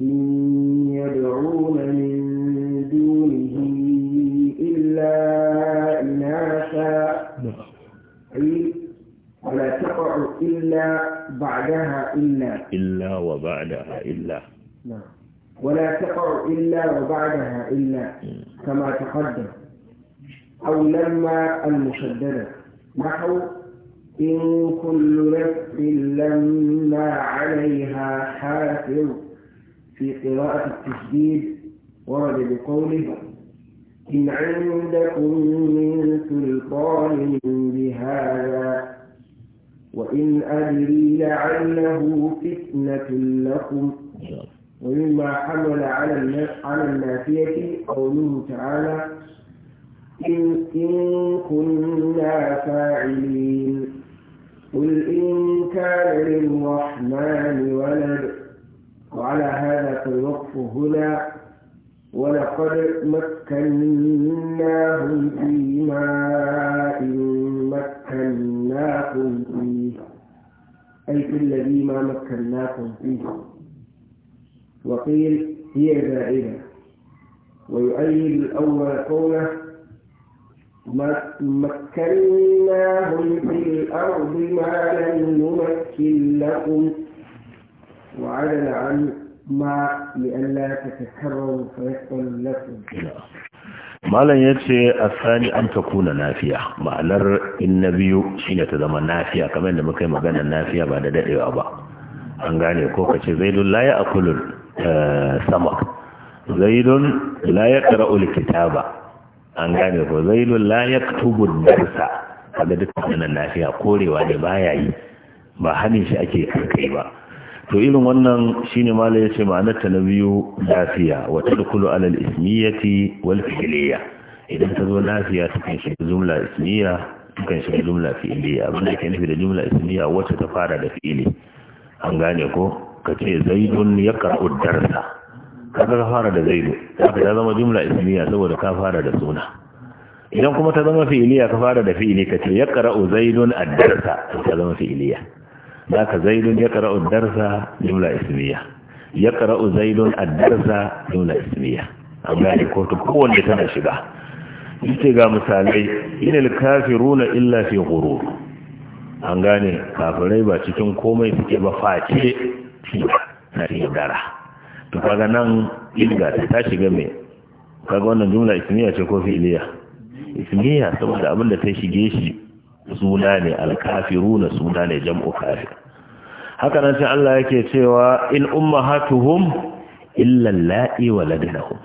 إن يدعون من دونه إلا أي ولا تقع إلا بعدها إلا إلا وبعدها إلا نعم ولا تقع إلا وبعدها إلا كما تقدم أو لما المشددة نحو إن كل نفس لما عليها حافظ في قراءة التشديد ورد بقوله إن عندكم من سلطان بهذا وإن أدري لعله فتنة لكم ومما حمل على على النافية قوله تعالى إن, إن كنا فاعلين قل إن كان للرحمن ولد وعلى هذا فالوقف هنا ولقد مكناهم في ماء مكناكم فيه أي في الذي ما مكناكم فيه وقيل هي زائدة ويؤيد الأول قوله مكناهم في الأرض ما لم نمكن لكم وعدل عن ما لئلا فيحصل لكم malam ya ce a tsani an ta kuna nafiya ma'anar in na biyu shine ta zama nafiya kamar da muka yi maganar nafiya ba da daɗewa ba an gane ko ka ce zaidun laye a kulun sama zaidun laye ƙara'ul kitaba an gane ko zaidun laye tubun darsa kaga duk wannan nafiya korewa ne baya yi ba hannun shi ake kai ba to irin wannan shine mala yace ma'anar ta na biyu lafiya wa tadkhulu ala al-ismiyati wal fi'liyya idan ta zo lafiya ta kan shiga jumla ismiya ta kan shiga jumla fi'liya abin da yake nufi da jumla ismiya wacce ta fara da fi'li an gane ko kace zaidun yaqra'u darsa kaga ka fara da zaidu haka ta zama jumla ismiya saboda ka fara da suna idan kuma ta zama fi'iliya ka fara da fi'ili ka ce yaqra'u zaidun ad-darsa ta zama fi'iliya ذاك زيد يقرأ الدرس جملة اسمية يقرأ زيد الدرس جملة اسمية أم لا كون تكون لتنشبه yace ga misalai inal kafiruna illa fi ghurur an gane kafirai ba cikin komai suke ba face na dara. to kaga nan ilga ta shiga mai kaga wannan jumla ismiya ce ko fi'liya ismiya saboda abin da ta shige shi suna ne alkafiruna suna ne jam'u kafir haka nan sai Allah yake cewa in ummahatuhum illa la'i waladnahum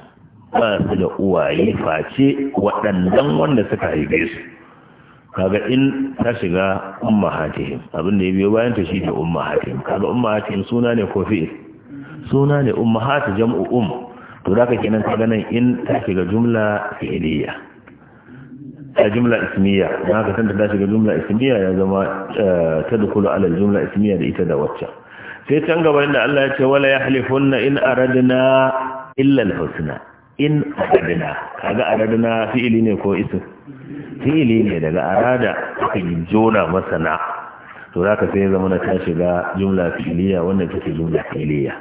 ba su da uwaye face waɗannan wanda suka haife su kaga in ta shiga ummahatuhum abin da ya biyo bayan ta shi ne ummahatuhum kaga ummahatuhum suna ne ko fi suna ne ummahatu jam'u um to zaka kenan kaga nan in ta shiga jumla fi'liya a jumla ismiya na haka tanta ta shiga jumla ismiya ya zama eh, ta dukulu ala jumla ismiya da ita da wacce sai can gaba inda Allah ya ce wala yahlifunna in aradna illa alhusna in aradna kaga aradna fi'ili ne ko isim fi'ili ne daga arada aka yi jona masana to zaka sai ya zama na ta shiga jumla fi'iliya wannan take jumla fi'iliya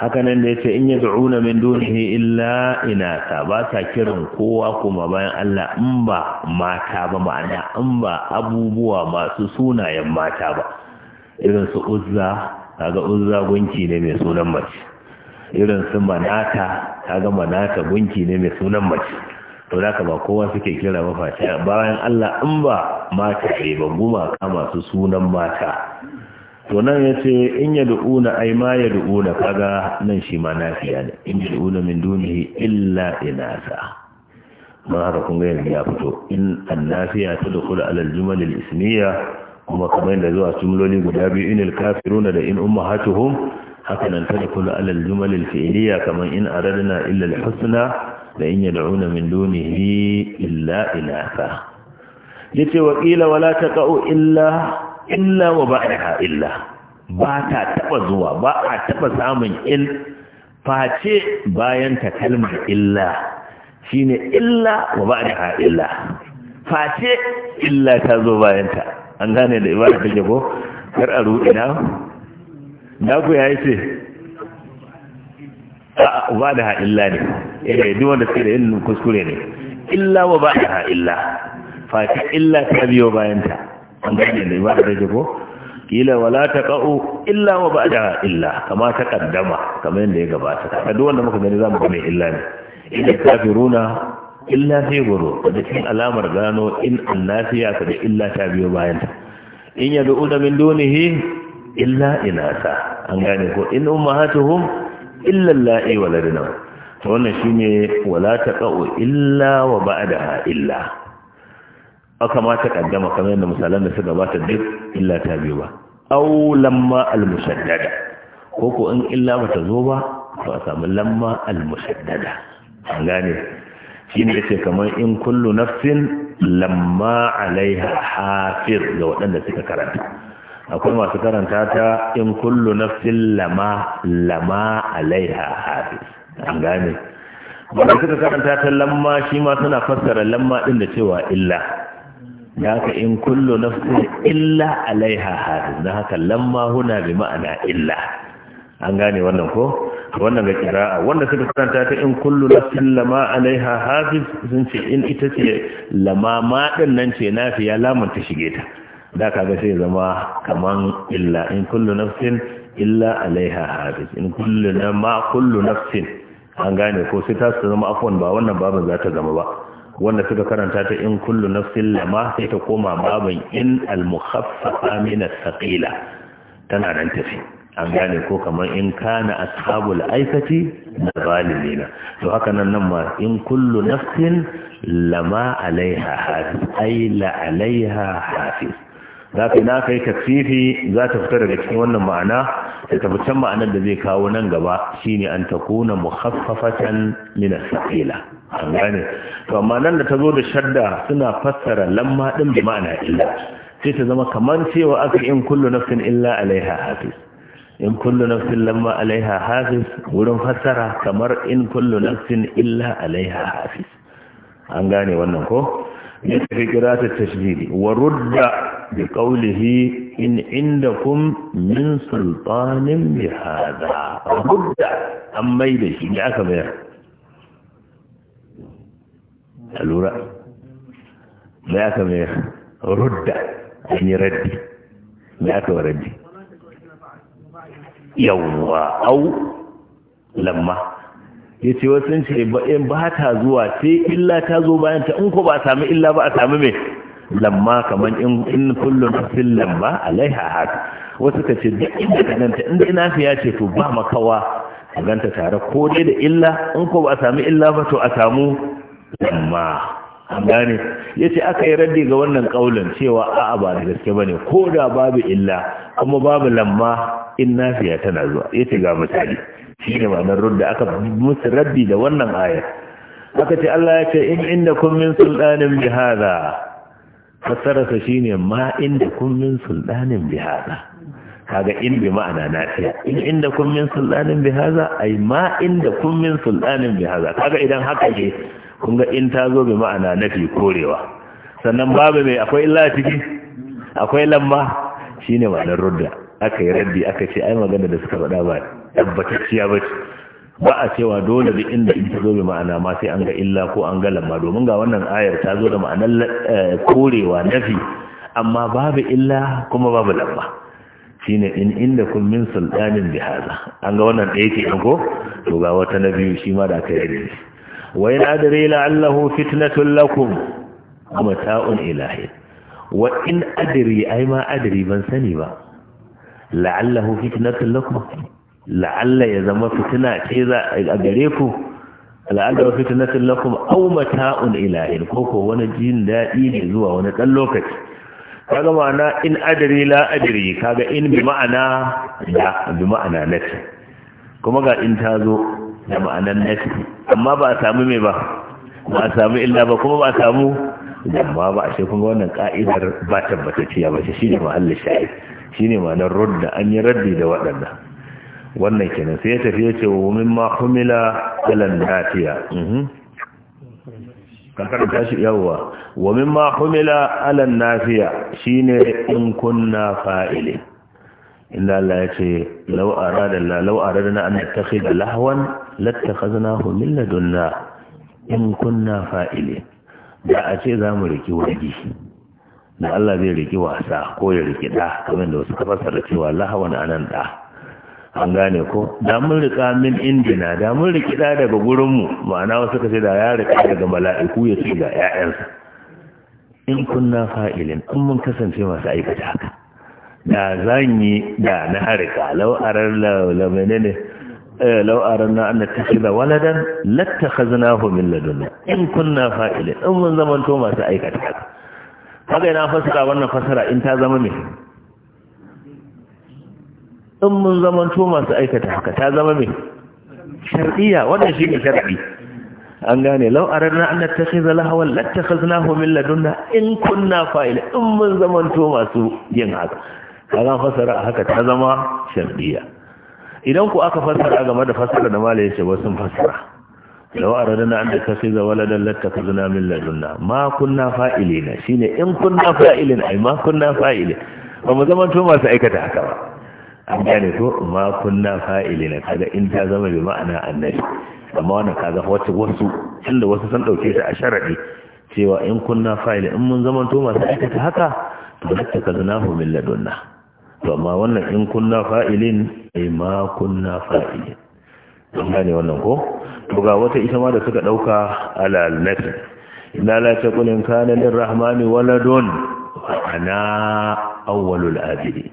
hakanan da yace in ya da'una min dunihi illa ina ta ba ta kiran kowa kuma bayan Allah in ba mata ba ma'ana in ba abubuwa masu sunayen mata ba irin su uzza kaga uzza gunki ne mai sunan mace irin su manata kaga manata gunki ne mai sunan mace to zaka ba kowa suke kira ba bayan Allah in ba mata ne ba gumaka masu sunan mata to nan ya ce in ya du'una ai ma ya du'una kaga nan shi ma nafiya ne in ya du'una min duniya illa inasa don haka kun ga ya fito in annafiya ta da kula alal jumal ismiya kuma kamar da zuwa jumloli guda biyu in kafiruna da in ummahatuhum haka nan ta da kula alal jumal fi'liya kamar in aradna illa al husna da in yad'una min dunihi illa sa. yace wa qila wala taqa'u illa illa wa ba'daha illa ba ta taba zuwa ba a taba samun il face bayan ta kalmar illa shine illa wa ba'daha illa face illa ta zo bayan ta an gane da ibada take ko kar a ruɗi na da ku yayi ce a ba da ha illa ne eh duk wanda suke da yin kuskure ne illa wa ba da ha illa face illa ta biyo bayan ta an gane da ibada take ko la wala ƙa'u illa wa ba da illa kama ta taqaddama kamar yadda ya gabata kaga duk wanda muka gani zamu ga mai illa ne idan runa, illa sai guru da cikin alamar gano in annasiya ka da illa ta biyo bayan ta in da min dunihi illa ina sa. an gane ko in ummahatuhum illa la'i waladna to wannan shine wala ƙa'u illa wa ba da illa aka ma takaddama kamar yadda misalan da suka bata duk illa ta biyu ba aw lamma al-musaddada ko in illa bata zo ba to a samu lamma al-musaddada an gane shi ne ce kamar in kullu nafsin lamma alaiha hafiz ga waɗanda suka karanta akwai masu karanta ta in kullu nafsin lama lama alaiha hafiz an gane wanda suka karanta ta lamma shi ma suna fassara lamma din da cewa illa da haka in kullu nafsin illa alaiha hafiz na haka lamma huna bi ma'ana illa an gane wannan ko wannan ga kira'a wanda suka karanta ta in kullu nafsin lama alaiha hafiz sun ce in ita ce lama ma din nan ce nafiya lamun ta shige ta da kaga sai zama kaman illa in kullu nafsin illa alaiha hafiz in kullu ma kullu nafsin an gane ko sai ta zama afwan ba wannan babin za ta zama ba wanda suka karanta ta in kullu nafsin lama sai ta koma babin in al-mukhaffafa min as-saqila tana nan tafi an gane ko kamar in kana ashabul aikati na zalimina to haka nan nan ma in kullu nafsin lama alaiha hafiz ay la alaiha hafiz za ka na kai takfifi za ta fita daga cikin wannan ma'ana da ta ma'anar da zai kawo nan gaba shine an ta kuna muhaffafatan min asqila an gane to amma nan da ta zo da shadda suna fassara lamma din bi ma'ana illa sai ta zama kamar cewa aka in kullu nafsin illa alaiha hafiz in kullu nafsin lamma alaiha hafiz wurin fassara kamar in kullu nafsin illa alaiha hafiz an gane wannan ko ya tafi kira ta tashbiri wa rudda بقوله إن عندكم من سلطان بهذا ربدا hada إليه an mai da shi جاءك aka bayar يعني جاءك أو لما raddi wasu ce ba ta zuwa sai illa ta zo bayan ta in ko ba a sami illa ba a sami mai lamma kamar in in kullu nafsin lamma alaiha hak wasu ka ce duk inda ka ganta inda ina fiya ce to ba makawa a ganta tare ko dai da illa in ko ba a sami illa ba to a samu lamma an yace aka yi raddi ga wannan kaulin cewa a'a ba da gaske ba ne ko da babu illa kuma babu lamma in nafiya tana zuwa ya ga misali shi ne ma'anar rudda aka musu raddi da wannan ayar aka ce Allah ya ce in inda kun min sultanin bihada shi ne ma inda kun min sultanin bi haza. kaga in bi ma'ana na nafiya in inda kun min sultanin bi haza, ai ma inda kun min sultanin bi haza. kaga idan haka ne kun ga in ta zo bi ma'ana na fi korewa sannan babu mai akwai illa ciki akwai lamma ne ma'anar rudda aka yi raddi aka ce ai magana da suka faɗa ba tabbatacciya ba ce ba a cewa dole da inda in ta zo ma'ana ma sai an ga illa ko an ga lamma domin ga wannan ayar ta zo da ma'anar eh, korewa nafi amma babu illa kuma babu lamma shine in inda kun min sultanin bi haza an ga wannan ɗaya ke ko to ga wata na biyu shi ma da aka yi wa in adri la'allahu fitnatun lakum ta'un ilahi wa in adri ai ma adri ban sani ba la'allahu fitnatun lakum la'alla ya zama fitina ce za a gare ku la'alla wa fitnatin lakum aw mata'un ilahin ko ko wani jin daɗi ne zuwa wani ɗan lokaci kaga ma'ana in adri la adri kaga in bi ma'ana da bi ma'ana nafi kuma ga in ta zo da ma'anan nafi amma ba a samu me ba ba a samu illa ba kuma ba a samu amma ba a ce kuma wannan ka'idar ba tabbatacciya ba shi ne ma'allin sha'id shine ma'anar rudda an yi raddi da waɗannan wannan kenan sai ya tafi ya ce wa mimma humila alan natiya mhm. kakar tashi yawwa wa ma humila alan nafiya shine in kunna fa'ilin inda Allah ya ce law arada law aradna an nattakhidha lahwan hu min ladunna in kunna fa'ilin da a ce za mu riki wani da Allah zai riki wasa ko ya riki da kamar da wasu tafasar cewa lahwan anan da an gane ko da mun rika min indina da mun riki da daga mu ma'ana wasu kace da ya rika daga mala'iku ya ce ga ƴaƴansa in kunna fa'ilin in mun kasance masu aikata haka da zan yi da na harika lau arar la menene eh, lau arar na anna tashida waladan lattakhaznahu min ladunna in kunna fa'ilin in mun zamanto masu aikata haka haka ina fasara wannan fasara in ta zama me in mun to masu aikata haka ta zama mai shar'iyya wannan shi ne shar'i an gane lau a ranar an ta shi zala hawan lattaka suna homin ladunna in kunna fa'ila in mun to masu yin haka kaga fasara a haka ta zama shar'iyya idan ku aka fasara game da fasara da mala ya ce wasu fasara lau a ranar an ta shi zala da lattaka suna min ladunna ma kunna fa'ilina shine in kunna fa'ilin ai ma kunna fa'ilin ba mu to masu aikata haka ba an gane to ma kunna fa'ilina kaga in ta zama bi ma'ana annabi amma wannan kaga wacce wasu tunda wasu sun dauke shi a sharadi cewa in kunna fa'il in mun zaman to masu aikata haka to lakka kaznahu min ladunna to amma wannan in kunna fa'ilin ai ma kunna fa'ilin don gane wannan ko to ga wata ita ma da suka dauka ala nafi inna la taqulun kana lirrahmani waladun wa ana awwalul abidin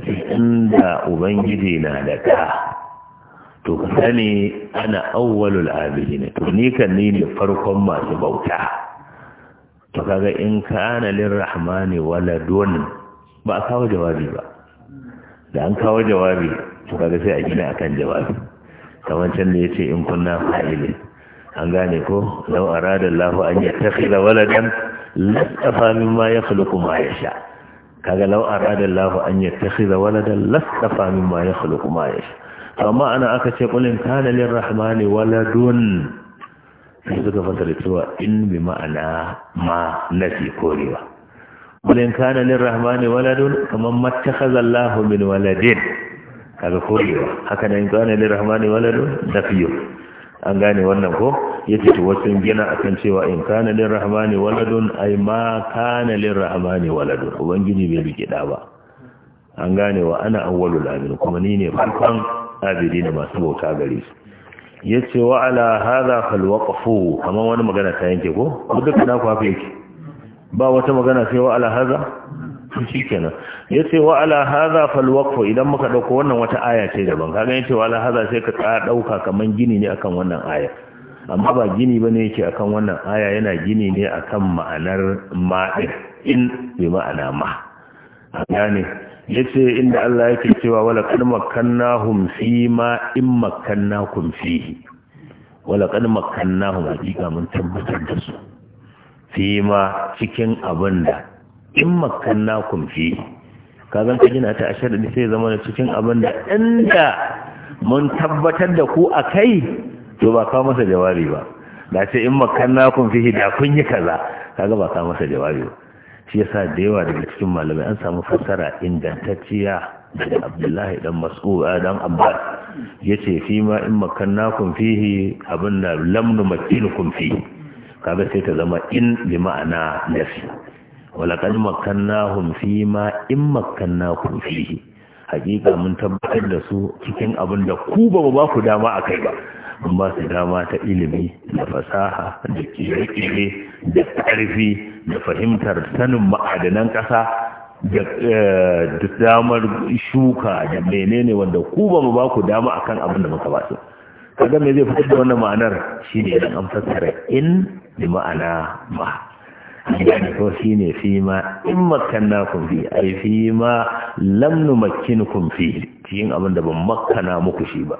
ka inda ubangiji na da ka to ka sani ana awwalul ne, to ni kan ni ne farkon masu bauta to kaga in kana wala waladun ba a kawo jawabi ba da an kawo jawabi to kaga sai a gina akan jawabi kamar can da yace in kunna fa'ili an gane ko law arada Allah an yattakhidha waladan lastafa mimma yakhluqu ma yasha' kaga law arada Allah an yattakhidha waladan lastafa mimma yakhluqu ma yasha to amma ana aka ce qulin kana lirrahmani waladun sai suka da cewa in bi ma'ana ma nafi korewa qulin kana lirrahmani waladun kaman mattakhadha Allah min waladin kaga korewa haka nan kana lirrahmani waladun nafiyo an gane wannan ko yace to wasu gina akan cewa in kana lir rahmani waladun ai ma kana lir rahmani waladun ubangiji bai rike da ba an gane wa ana awwalu lamin kuma ni ne farkon abidi da masu bauta gare su yace wa ala hadha fal waqfu kamar wani magana ta yanke ko duk na ku hafi yake ba wata magana sai wa ala hadha shi kenan ya ce wa ala haza fal idan muka dauko wannan wata aya ce daban kaga yace wa ala haza sai ka ɗauka dauka kaman gini ne akan wannan aya amma ba gini bane yake akan wannan aya yana gini ne akan ma'anar ma'in in bi ma'ana ma yani yace inda Allah yake cewa wala qad makkannahum fi ma in makanna fihi wala qad makkannahum hakika mun tabbatar da su fi ma cikin abinda in makanna kumfi kazan ka gina ta a sharadi sai zama cikin abin da inda mun tabbatar da ku a kai to ba ka masa jawabi ba da ce in makanna kumfi da kun yi kaza ga ba ka masa jawabi ba shi yasa da yawa daga cikin malamai an samu fassara ingantacciya daga abdullahi dan mas'ud ah, dan abbas yace fi ma in makanna kun fi abinda lam numakkinukum fi. kaga sai ta zama in bi ma'ana nafi walaƙar makannahun fi ma in makannahun fihi hakika mun tabbatar da su cikin abin da ku ba ba ku dama a kai ba mun ba su dama ta ilimi da fasaha da kire da ƙarfi da fahimtar sanin ma'adanan ƙasa da damar shuka da menene wanda ku ba ba ku dama akan abin da muka ba su kaga me zai fitar da wannan ma'anar shine idan an fassara in da ma'ana ma ko shi ne fi ma in makanna kun fi ai fi ma lam makin kun fi cikin abin da ban makana muku shi ba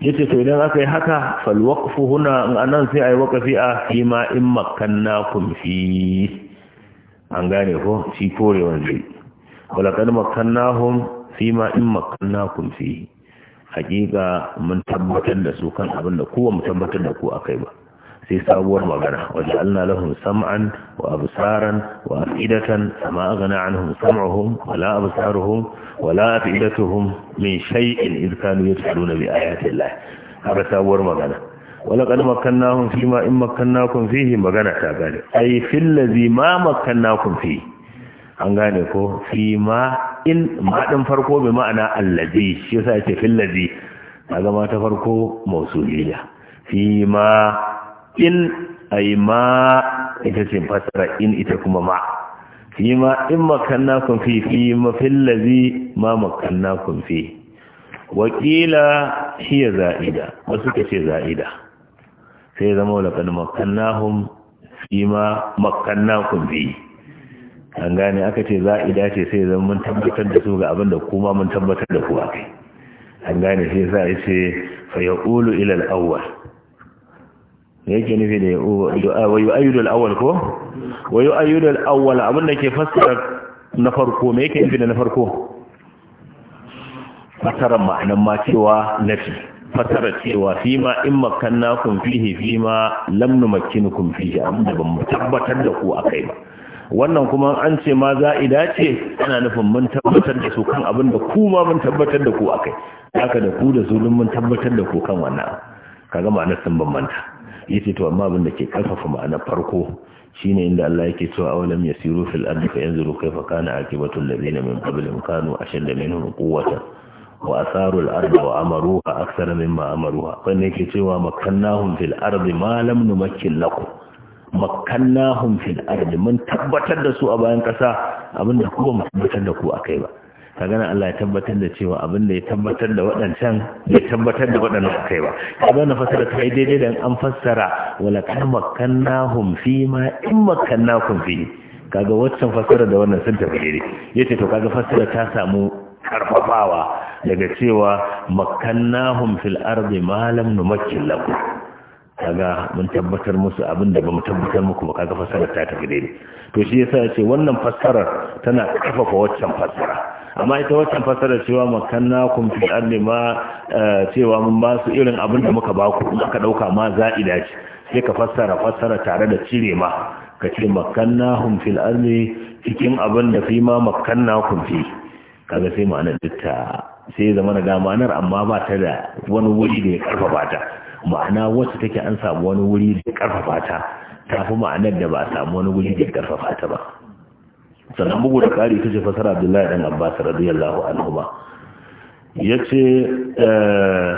yace to idan aka yi haka fal waqfu huna in anan sai ai waqfi a fi ma in makanna kun fi an gane ko shi kore wanzu wala kad makannahum fi ma in makanna kun fi hakika mun tabbatar da su kan abin da kowa mu tabbatar da ku akai ba sai sabuwar magana wajen alna lahun sam'an wa abusaran wa afidatan sama agana anhum sam'uhum wala abusaruhum wala afidatuhum min shay'in irkanu yatsaluna bi ayatin Allah haka sabuwar magana wala qad makkannahum fi ma in kun fi magana ta gane ai fil ladhi ma kun fi an gane ko fi ma in ma din farko bi ma'ana allazi shi yasa yake fil ladhi A zama ta farko mausuliya fi ma in ai ma ita ce fasara in ita kuma ma fi ma in makanna kun fi fi mafin lazi ma makanna kun fi wakila hiya za'ida wasu ka ce za'ida sai zama makanna makannahun fi ma kun fi an gane aka ce za'ida ce sai zama mun tabbatar da su ga abin da kuma mun tabbatar da kuwa kai an gane sai sa ya ce faya'ulu ilal awwal me yake nufi da wa yu'ayyidu al-awwal ko wa yu'ayyidu al-awwal abin da ke fassara na farko me yake nufi da na farko Fassara ma'anan ma cewa nafi fassara cewa fi ma in makanna kun fihi fi ma lam numakkinukum fihi abinda ban mu tabbatar da ku akai ba wannan kuma an ce ma za'ida ce ana nufin mun tabbatar da su kan abin da ku ma mun tabbatar da ku akai haka da ku da zulun mun tabbatar da ku kan wannan kaga ma'anar sun bambanta yace to amma abin da ke karfafa ma'anar farko shine inda Allah yake cewa awalam yasiru fil ardi fa yanzuru kayfa kana akibatu alladhina min qablihim kanu ashadda minhum quwwatan wa asaru al ardi wa amaruha akthara mimma amaruha wannan yake cewa makannahum fil ardi ma lam numakkin lakum makannahum fil ardi mun tabbatar da su a bayan kasa abinda kuma mu tabbatar da ku akai ba kaga nan Allah ya tabbatar da cewa abin da ya tabbatar da waɗancan ya tabbatar da waɗannan kai ba kaga na fassara yi daidai da an fassara wala kad makkannahum fi ma in makkannakum fi kaga waccan fassara da wannan sun tafi daidai yace to kaga fasara ta samu karfafawa daga cewa makkannahum fil ardi ma lam numakkin lakum kaga mun tabbatar musu abin da bamu tabbatar muku ba kaga fasara ta tafi daidai to shi yasa yace wannan fassarar tana karfafa waccan fassara amma ita wata fasara cewa makanna kun fi ardi ma eh, cewa mun ba su irin abin da muka ba ku in aka dauka ma za'ida ce sai ka fassara fassara tare da cire ma ka ce makanna hum fil ardi cikin abin da fi ma makanna kun fi kaga sai ma'ana dukka sai zama da ma'anar amma ba ta da wani wuri da ya karfafa ta ma'ana wacce take an samu wani wuri da ya karfafa ta ta fi ma'anar da ba a samu wani wuri da ya karfafa ta ba sannan bugu da ƙari ta ce fasara abdullahi ɗan abbas radiyallahu anhu ba ya ce eh,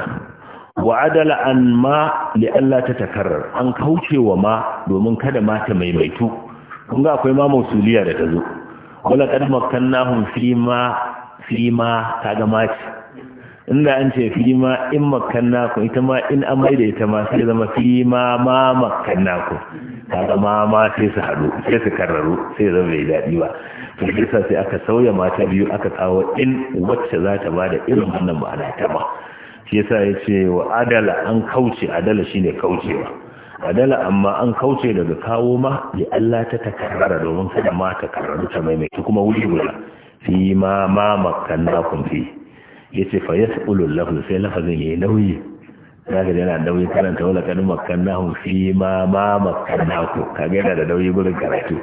wa adala an ma Allah ta takarar an kauce wa ma domin kada ma ta maimaitu kun ga akwai ma mausuliya da ta zo wala kad makkannahum fi ma ta ga mace inda an ce fi ma in makanna ku ita ma in an maida ita ma sai zama fi ma ma makanna ku kaga ma ma sai su haɗu sai su karraru sai zama bai daɗi ba to yasa sai aka sauya mata biyu aka kawo in wacce za ta bada irin wannan ma'ana ta ba shi yasa ya ce wa adala an kauce adala shine kaucewa adala amma an kauce daga kawo ma ya Allah ta takarrara domin kada ma ta karraru ta maimaita kuma wuri guda fi ma ma makanna kun fi yace fa yasulu lahu sai lafazin yayi nauyi zaka yana nauyi karanta wala kan makkannahum fi ma ma makkannaku kage yana da nauyi gurin karatu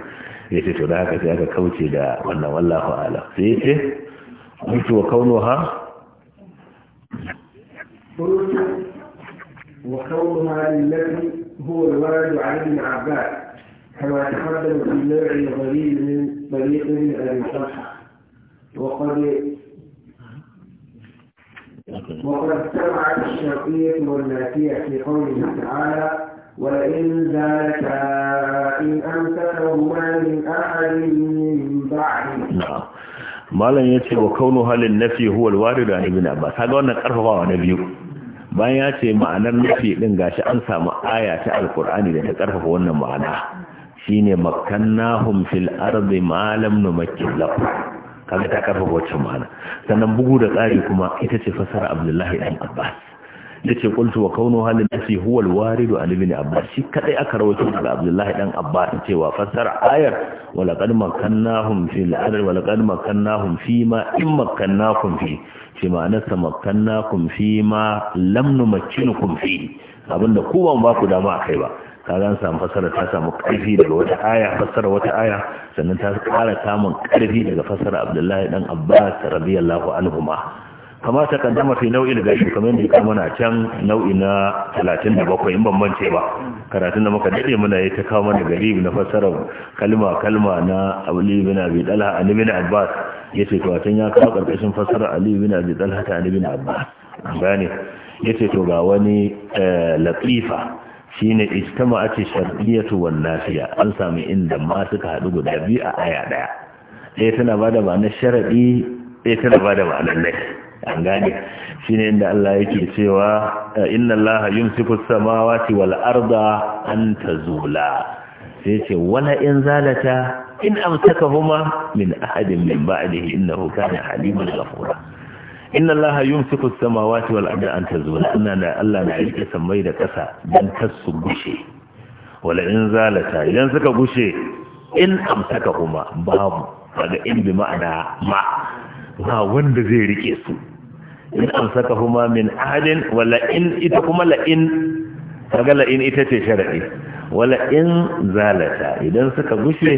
yace to da haka sai aka kauce da wannan wallahu ala sai yace mutu wa kaunuha وكونها التي هو الوارد عن ابن عباس كما تقدم في النوع الغريب من طريق ابن ابي طلحه وقد Mm-hmm. وقد اجتمعت الشرقية والنافية في قوله تعالى ولئن زالتا إن أمسكهما من أحد من بعده نعم malam ya ce wa kaunu halin nafi huwa alwarid an ibn abbas kaga wannan karfafawa na biyu bayan ya ce ma'anar nafi din gashi an samu aya ta alqur'ani da ta karfafa wannan ma'ana shine makkannahum fil ardi ma lam numakkil lahum kaga ta karfafa waccan ma'ana sannan bugu da tsari kuma ita ce fasara abdullahi dan abbas ce qultu wa kaunu halin nasi huwa al-warid an ibn abbas shi kadai aka rawaito daga abdullahi dan abbas cewa fasara ayar wa laqad makkannahum fil ardi wa laqad makkannahum ma in makkannakum fi shi ma'anar sa makkannakum ma lam numakkinukum fi abinda ku ban ba ku dama akai ba kaga an samu fassara ta samu ƙarfi daga wata aya fassara wata aya sannan ta kara samun ƙarfi daga fassara abdullahi dan abbas radiyallahu anhuma kama ta kaddama fi nau'in shi kamar yadda kama na can nau'i na 37 in ban mance ba karatun da muka dade muna yi ta kawo mana gari na fassara kalma kalma na abli bin abi dalha an bin abbas yace to watan ya kawo karkashin fassara ali bin abi dalha ta an bin abbas gane yace to ga wani eh, latifa shine ijtama'at ash-shar'iyyatu wan nafiya an samu inda ma suka haɗu guda biyu a aya ɗaya. ɗaya tana bada ma'anar sharaɗi, ɗaya tana bada ma'anar nafi an gane shine inda Allah yake cewa inna Allaha yumsiku as-samawati wal arda an zula.' sai ce wala in zalata in amsakahuma min ahadin min ba'dihi innahu kana halimun ghafura inna allaha yumsiku as-samawati wal arda an tazula inna da Allah na rike samai da ƙasa dan kasu gushe wala in zalata idan suka gushe in amsaka kuma babu daga in bi ma'ana ma ba wanda zai rike su in amsaka kuma min ahadin wala in ita kuma la in kaga la in ita ce sharadi wala in zalata idan suka gushe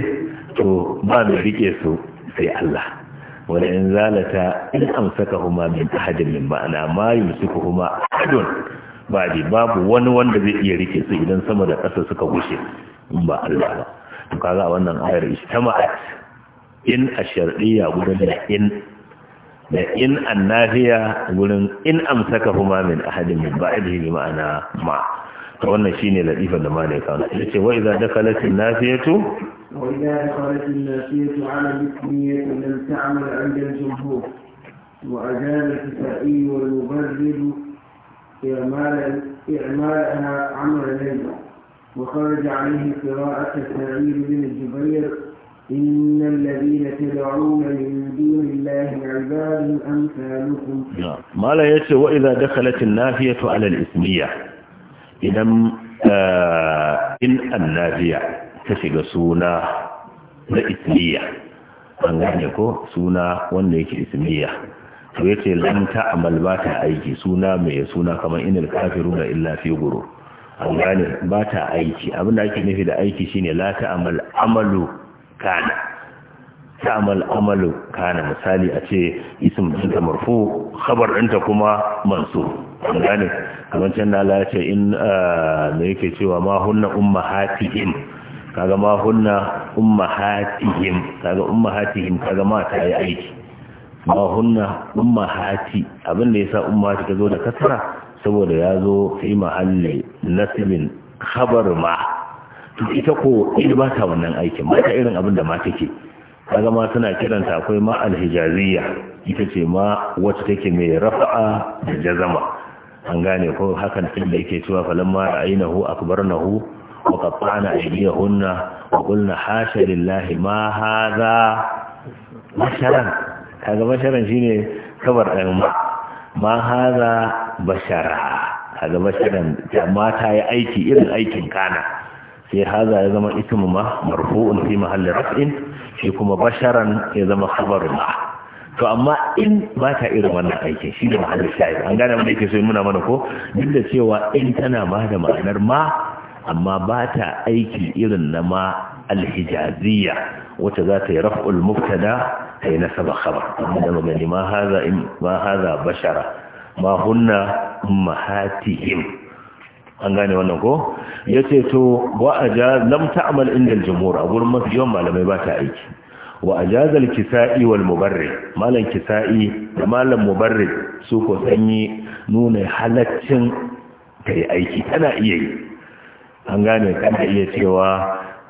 to ba mai rike su sai Allah wala in zalata in amsakahuma min ahadin min ma'ana ma yumsikuhuma ahadun ba dai babu wani wanda zai iya rike su idan sama da ƙasa suka gushe in ba Allah ba to kaga wannan ayar istama'at in ashar'iyya gurin da in da in annahiya gurin in amsakahuma min ahadin min ba'idihi ma'ana ma ta واذا دخلت النافيه واذا دخلت النافيه على su لم تعمل عند الجمهور lati nafiyatu والمبرد iza daka lati وخرج عليه قراءة السعير بن الزبير إن الذين تدعون من دون الله عباد أمثالكم ما لا يتوى إذا دخلت النافية على الإسمية idan eh, in annabiya ta shiga suna na ismiya an gane ko suna wanda yake ismiya to yace lan ta ba ta aiki suna mai suna kamar inal kafiruna illa fi guru an gane ba ta aiki abin da ake nufi da aiki shine la ta amal amalu kana ta amal amalu kana misali a ce ism ɗinta marfu khabar ta kuma mansub an gane kamar can da Allah ya ce in da ah, yake cewa ma hunna ummahatihim kaga ma hunna ummahatihim kaga ummahatihim kaga ma ta yi aiki ma hunna ummahati abin da yasa ummahati ta zo da kasara saboda ya zo fi mahalli nasibin khabar ma to ita ko ita ba ta wannan aikin ma ta irin abin da ma take kaga ma suna kiranta akwai ma alhijaziyya ita ce ma wacce take mai rafa'a da jazama an gane ko hakan din da yake cewa falamma ra'aynahu akbarnahu wa qatta'na aydiyahunna wa qulna hasha lillahi ma hadha basharan kaga basharan shine kabar ɗan ma ma hadha bashara kaga basharan mata ya aiki irin aikin kana sai haza ya zama ismu ma marfu'un fi mahalli raf'in shi kuma basharan ya zama khabaru ma to amma in ba ta irin wannan aikin shi da ma'anar sha'ir an gane wanda yake so muna mana ko duk da cewa in tana ma da ma'anar ma amma ba ta aiki irin na ma alhijaziyya wacce za ta yi raf'ul mubtada ta yi nasaba khabar amma da magani ma haza in ma haza bashara ma hunna ummahatihim an gane wannan ko yace to wa'aja lam ta'mal inda al-jumhur a gurin mafi yawan malamai ba ta aiki wa ajazal kisa'i wal mubarrid malam kisa'i da malam mubarrid su ko sanyi nuna halaccin kai aiki tana iya yi an gane kana iya cewa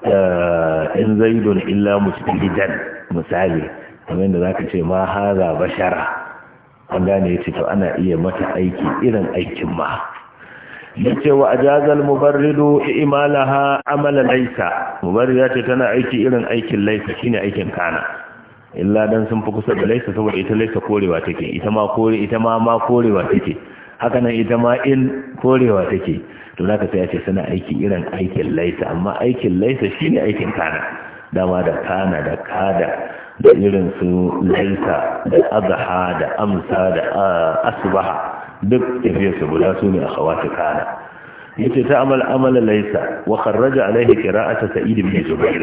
eh, in zaidun illa musbidan misali kamar da zaka ce ma haza bashara an gane ce to ana iya mata aiki irin aikin ma yace wa ajazal mubarridu i'malaha amala laysa mubarrida ce tana aiki irin aikin laysa shine aikin kana illa dan sun fi kusa da laysa saboda ita laysa korewa take ita ma kore ita ma ma korewa take haka nan ita ma in korewa take to zaka sai yace suna aiki irin aikin laysa amma aikin laysa shine aikin kana dama da kana da kada da irin su laysa da azha da amsa da ah, asbaha duk tafiyarsa guda su ne a khawati kana yace ta amal amala laysa wa kharraja alaihi qira'ata sa'id ibn zubair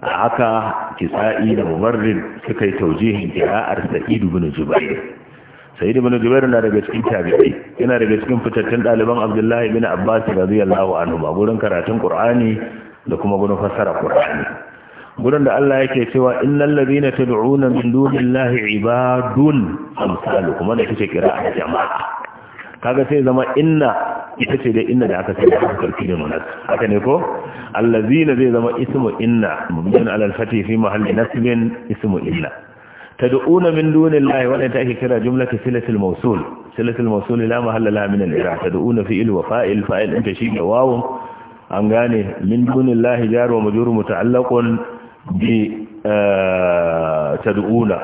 haka kisa'i da mubarrid suka yi taujihin qira'ar sa'id ibn zubair sa'id ibn zubair na daga cikin tabi'i yana daga cikin fitattun ɗaliban abdullahi ibn abbas radiyallahu anhu ba gurin karatun qur'ani da kuma gurin fassara qur'ani Gudan da Allah yake cewa innal ladhina tad'una min dunillahi ibadun amsalu kuma da kike kira a jama'a kaga sai zama inna ita ce da inna da aka sai aka karfi da munas haka ne ko allazina zai zama ismu inna mubin alal fati fi mahalli nasbin ismu inna tad'una min dunillahi wa ta ake kira jumlatu silatul mawsul silatul mawsul la mahalla laha min al-i'rab tad'una fi'il wa fa'il fa'il anta shi da wawun an gane min dunillahi jar wa majrur muta'allaqun bi eh, tad'una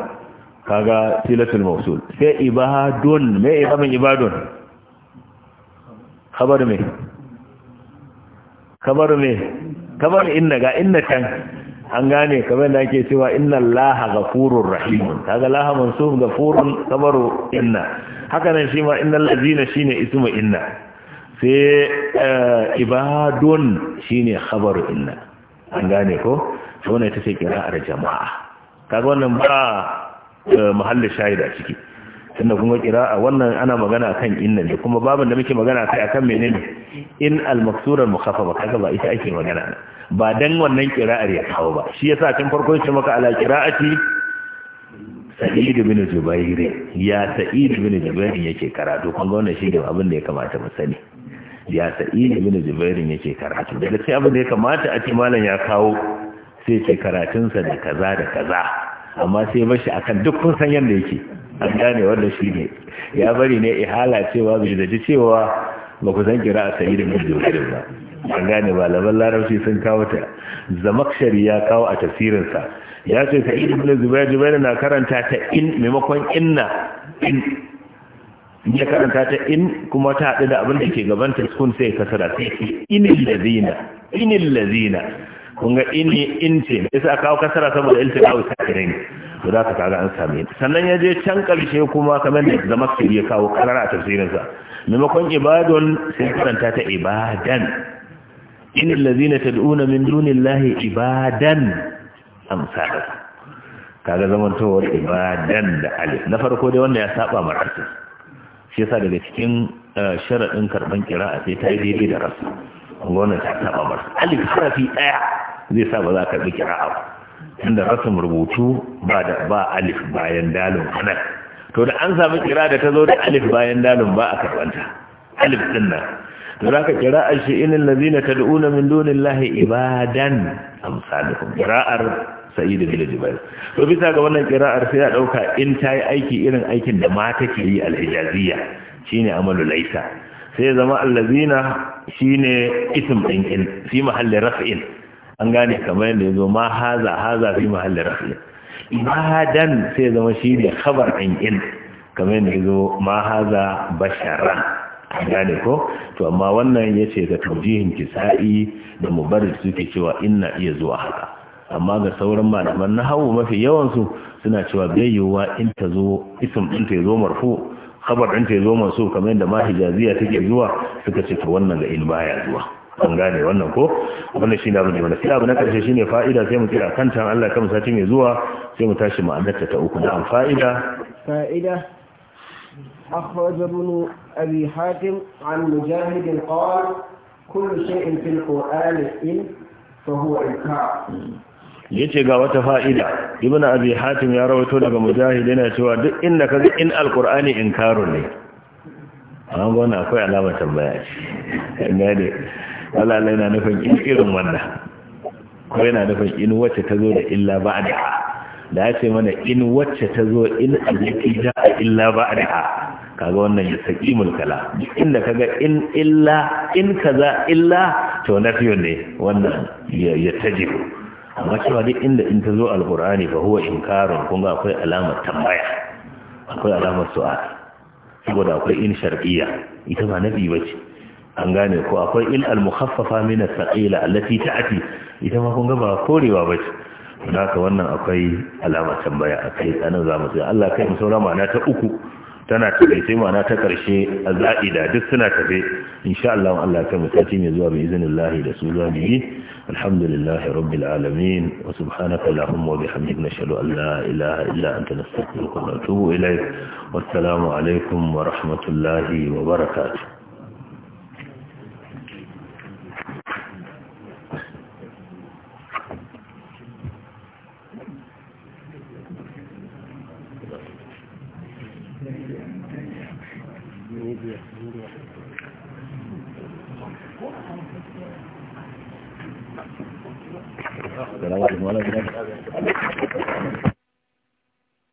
kaga silatul mawsul sai ibadun me ibadun ibadun khabar me khabar me khabar inna ga inna tan an gane kamar da ake cewa inna allaha ghafurur rahim kaga laha mansub ghafurun khabaru inna haka nan shi ma innal ladina shine ismu inna sai eh, ibadun shine khabaru inna an gane ko to wannan ita ce kira'ar jama'a kaga wannan ba eh, mahallin shahida ciki tunda kuma kira'a wannan ana magana kan inna ne kuma babin da muke magana kai akan menene in al-maksura al-mukhaffafa kaga ba ita ake magana ba dan wannan kira'ar ya kawo ba shi yasa tun farko yace maka ala kira'ati Sa'id bin jubayr ya Sa'id bin jubayr yake karatu kun ga wannan shi da abin da ya kamata mu sani ya Sa'id bin jubayr yake karatu daga sai abin da ya kamata a ce malam ya kawo sai ce karatunsa da kaza da kaza amma sai bashi akan duk kun san yadda yake an gane wanda shi ne ya bari ne ihala cewa bai ji cewa ba ku san kira a sayi da mai jirgin ba an gane malaman larabci sun kawo ta zamakshari ya kawo a tasirinsa ya ce ta ibn zubair zubair na karanta ta in maimakon inna in ya karanta ta in kuma ta haɗu da abin da ke gaban ta sun sai kasara sai inin lazina inin lazina kun ga ini ince isa kawo kasara saboda ilta kawo sakire ne to za ka kaga an same sannan ya je can karshe kuma kamar da zama ya kawo karara a tafsirinsa maimakon ibadun sai karanta ta ibadan in allazina tad'una min dunillahi ibadan amsal kaga zamantowar ibadan da alif na farko dai wanda ya saba ma shi yasa daga cikin eh, sharadin karban kira'a sai ta yi daidai da rasu wannan ta taba masa alif harafi daya zai sa ba za ka bi kira'a ba Inda rasul rubutu ba da ba alif bayan dalun anan to da an samu kira da ta zo da alif bayan dalun ba a karbanta alif din nan to za ka kira a shi inin lazina ta da'una min dunin lahi ibadan amsalukum kira'ar sa'idu bin jubair to bisa ga wannan kira'ar sai a ɗauka in ta yi aiki irin aikin da mata ke yi alhijaziyya shine amalu laisa sai zama allazina shine ism din in fi mahalli raf'in an gane kamar yadda yazo ma haza haza fi mahalli raf'in ibadan sai zama shine khabar din in kamar yadda yazo ma haza basharan an gane ko to amma wannan yace ga tawjihin kisa'i da mubarrid suke cewa inna iya zuwa haka amma ga sauran malaman nahawu mafi yawan su suna cewa bai yiwuwa in ta zo ism din ta zo marfu khabar ɗinta ya zo masu kamar yadda ma hijaziya take zuwa suka ce to wannan la'in baya zuwa an gane wannan ko wannan shi ne abu ne wanda sai abu na karshe shine fa'ida sai mu kira kanta Allah kan sati mai zuwa sai mu tashi ma'anarta ta uku da fa'ida fa'ida أخرج ابن أبي حاتم عن مجاهد قال كل شيء في القرآن إن فهو إنكار yace ga wata fa'ida ibn abi hatim ya rawaito daga mujahid yana cewa duk inda kaga in alqur'ani inkaru ne an gona akwai alama tambaya ce gane Allah yana nufin in irin wannan ko yana nufin in wacce ta zo da illa ba'da da ya ce mana in wacce ta zo in aliki da illa ba'da kaga wannan ya saki mulkala inda kaga in illa in kaza illa to nafiyun ne wannan ya tajibu amma cewa duk inda in ta zo alkur'ani fa huwa inkarun kun ga akwai alamar tambaya akwai alamar su'al saboda akwai in shar'iyya ita ba nafi bace an gane ko akwai il al-mukhaffafa min al-thaqila allati ta'ati ita ma kun ga ba korewa bace don haka wannan akwai alamar tambaya akai anan zamu sai Allah kai mu saura ma'ana ta uku tana takaice ma'ana ta karshe a za'ida duk suna tafe insha Allah Allah ta mutaci mai zuwa bi iznillahi da su za mu yi alhamdulillahi rabbil alamin wa subhanaka allahumma wa bihamdika nashhadu an la ilaha illa anta nastaghfiruka wa natubu ilayk wassalamu alaikum wa rahmatullahi wa barakatuh Gracias.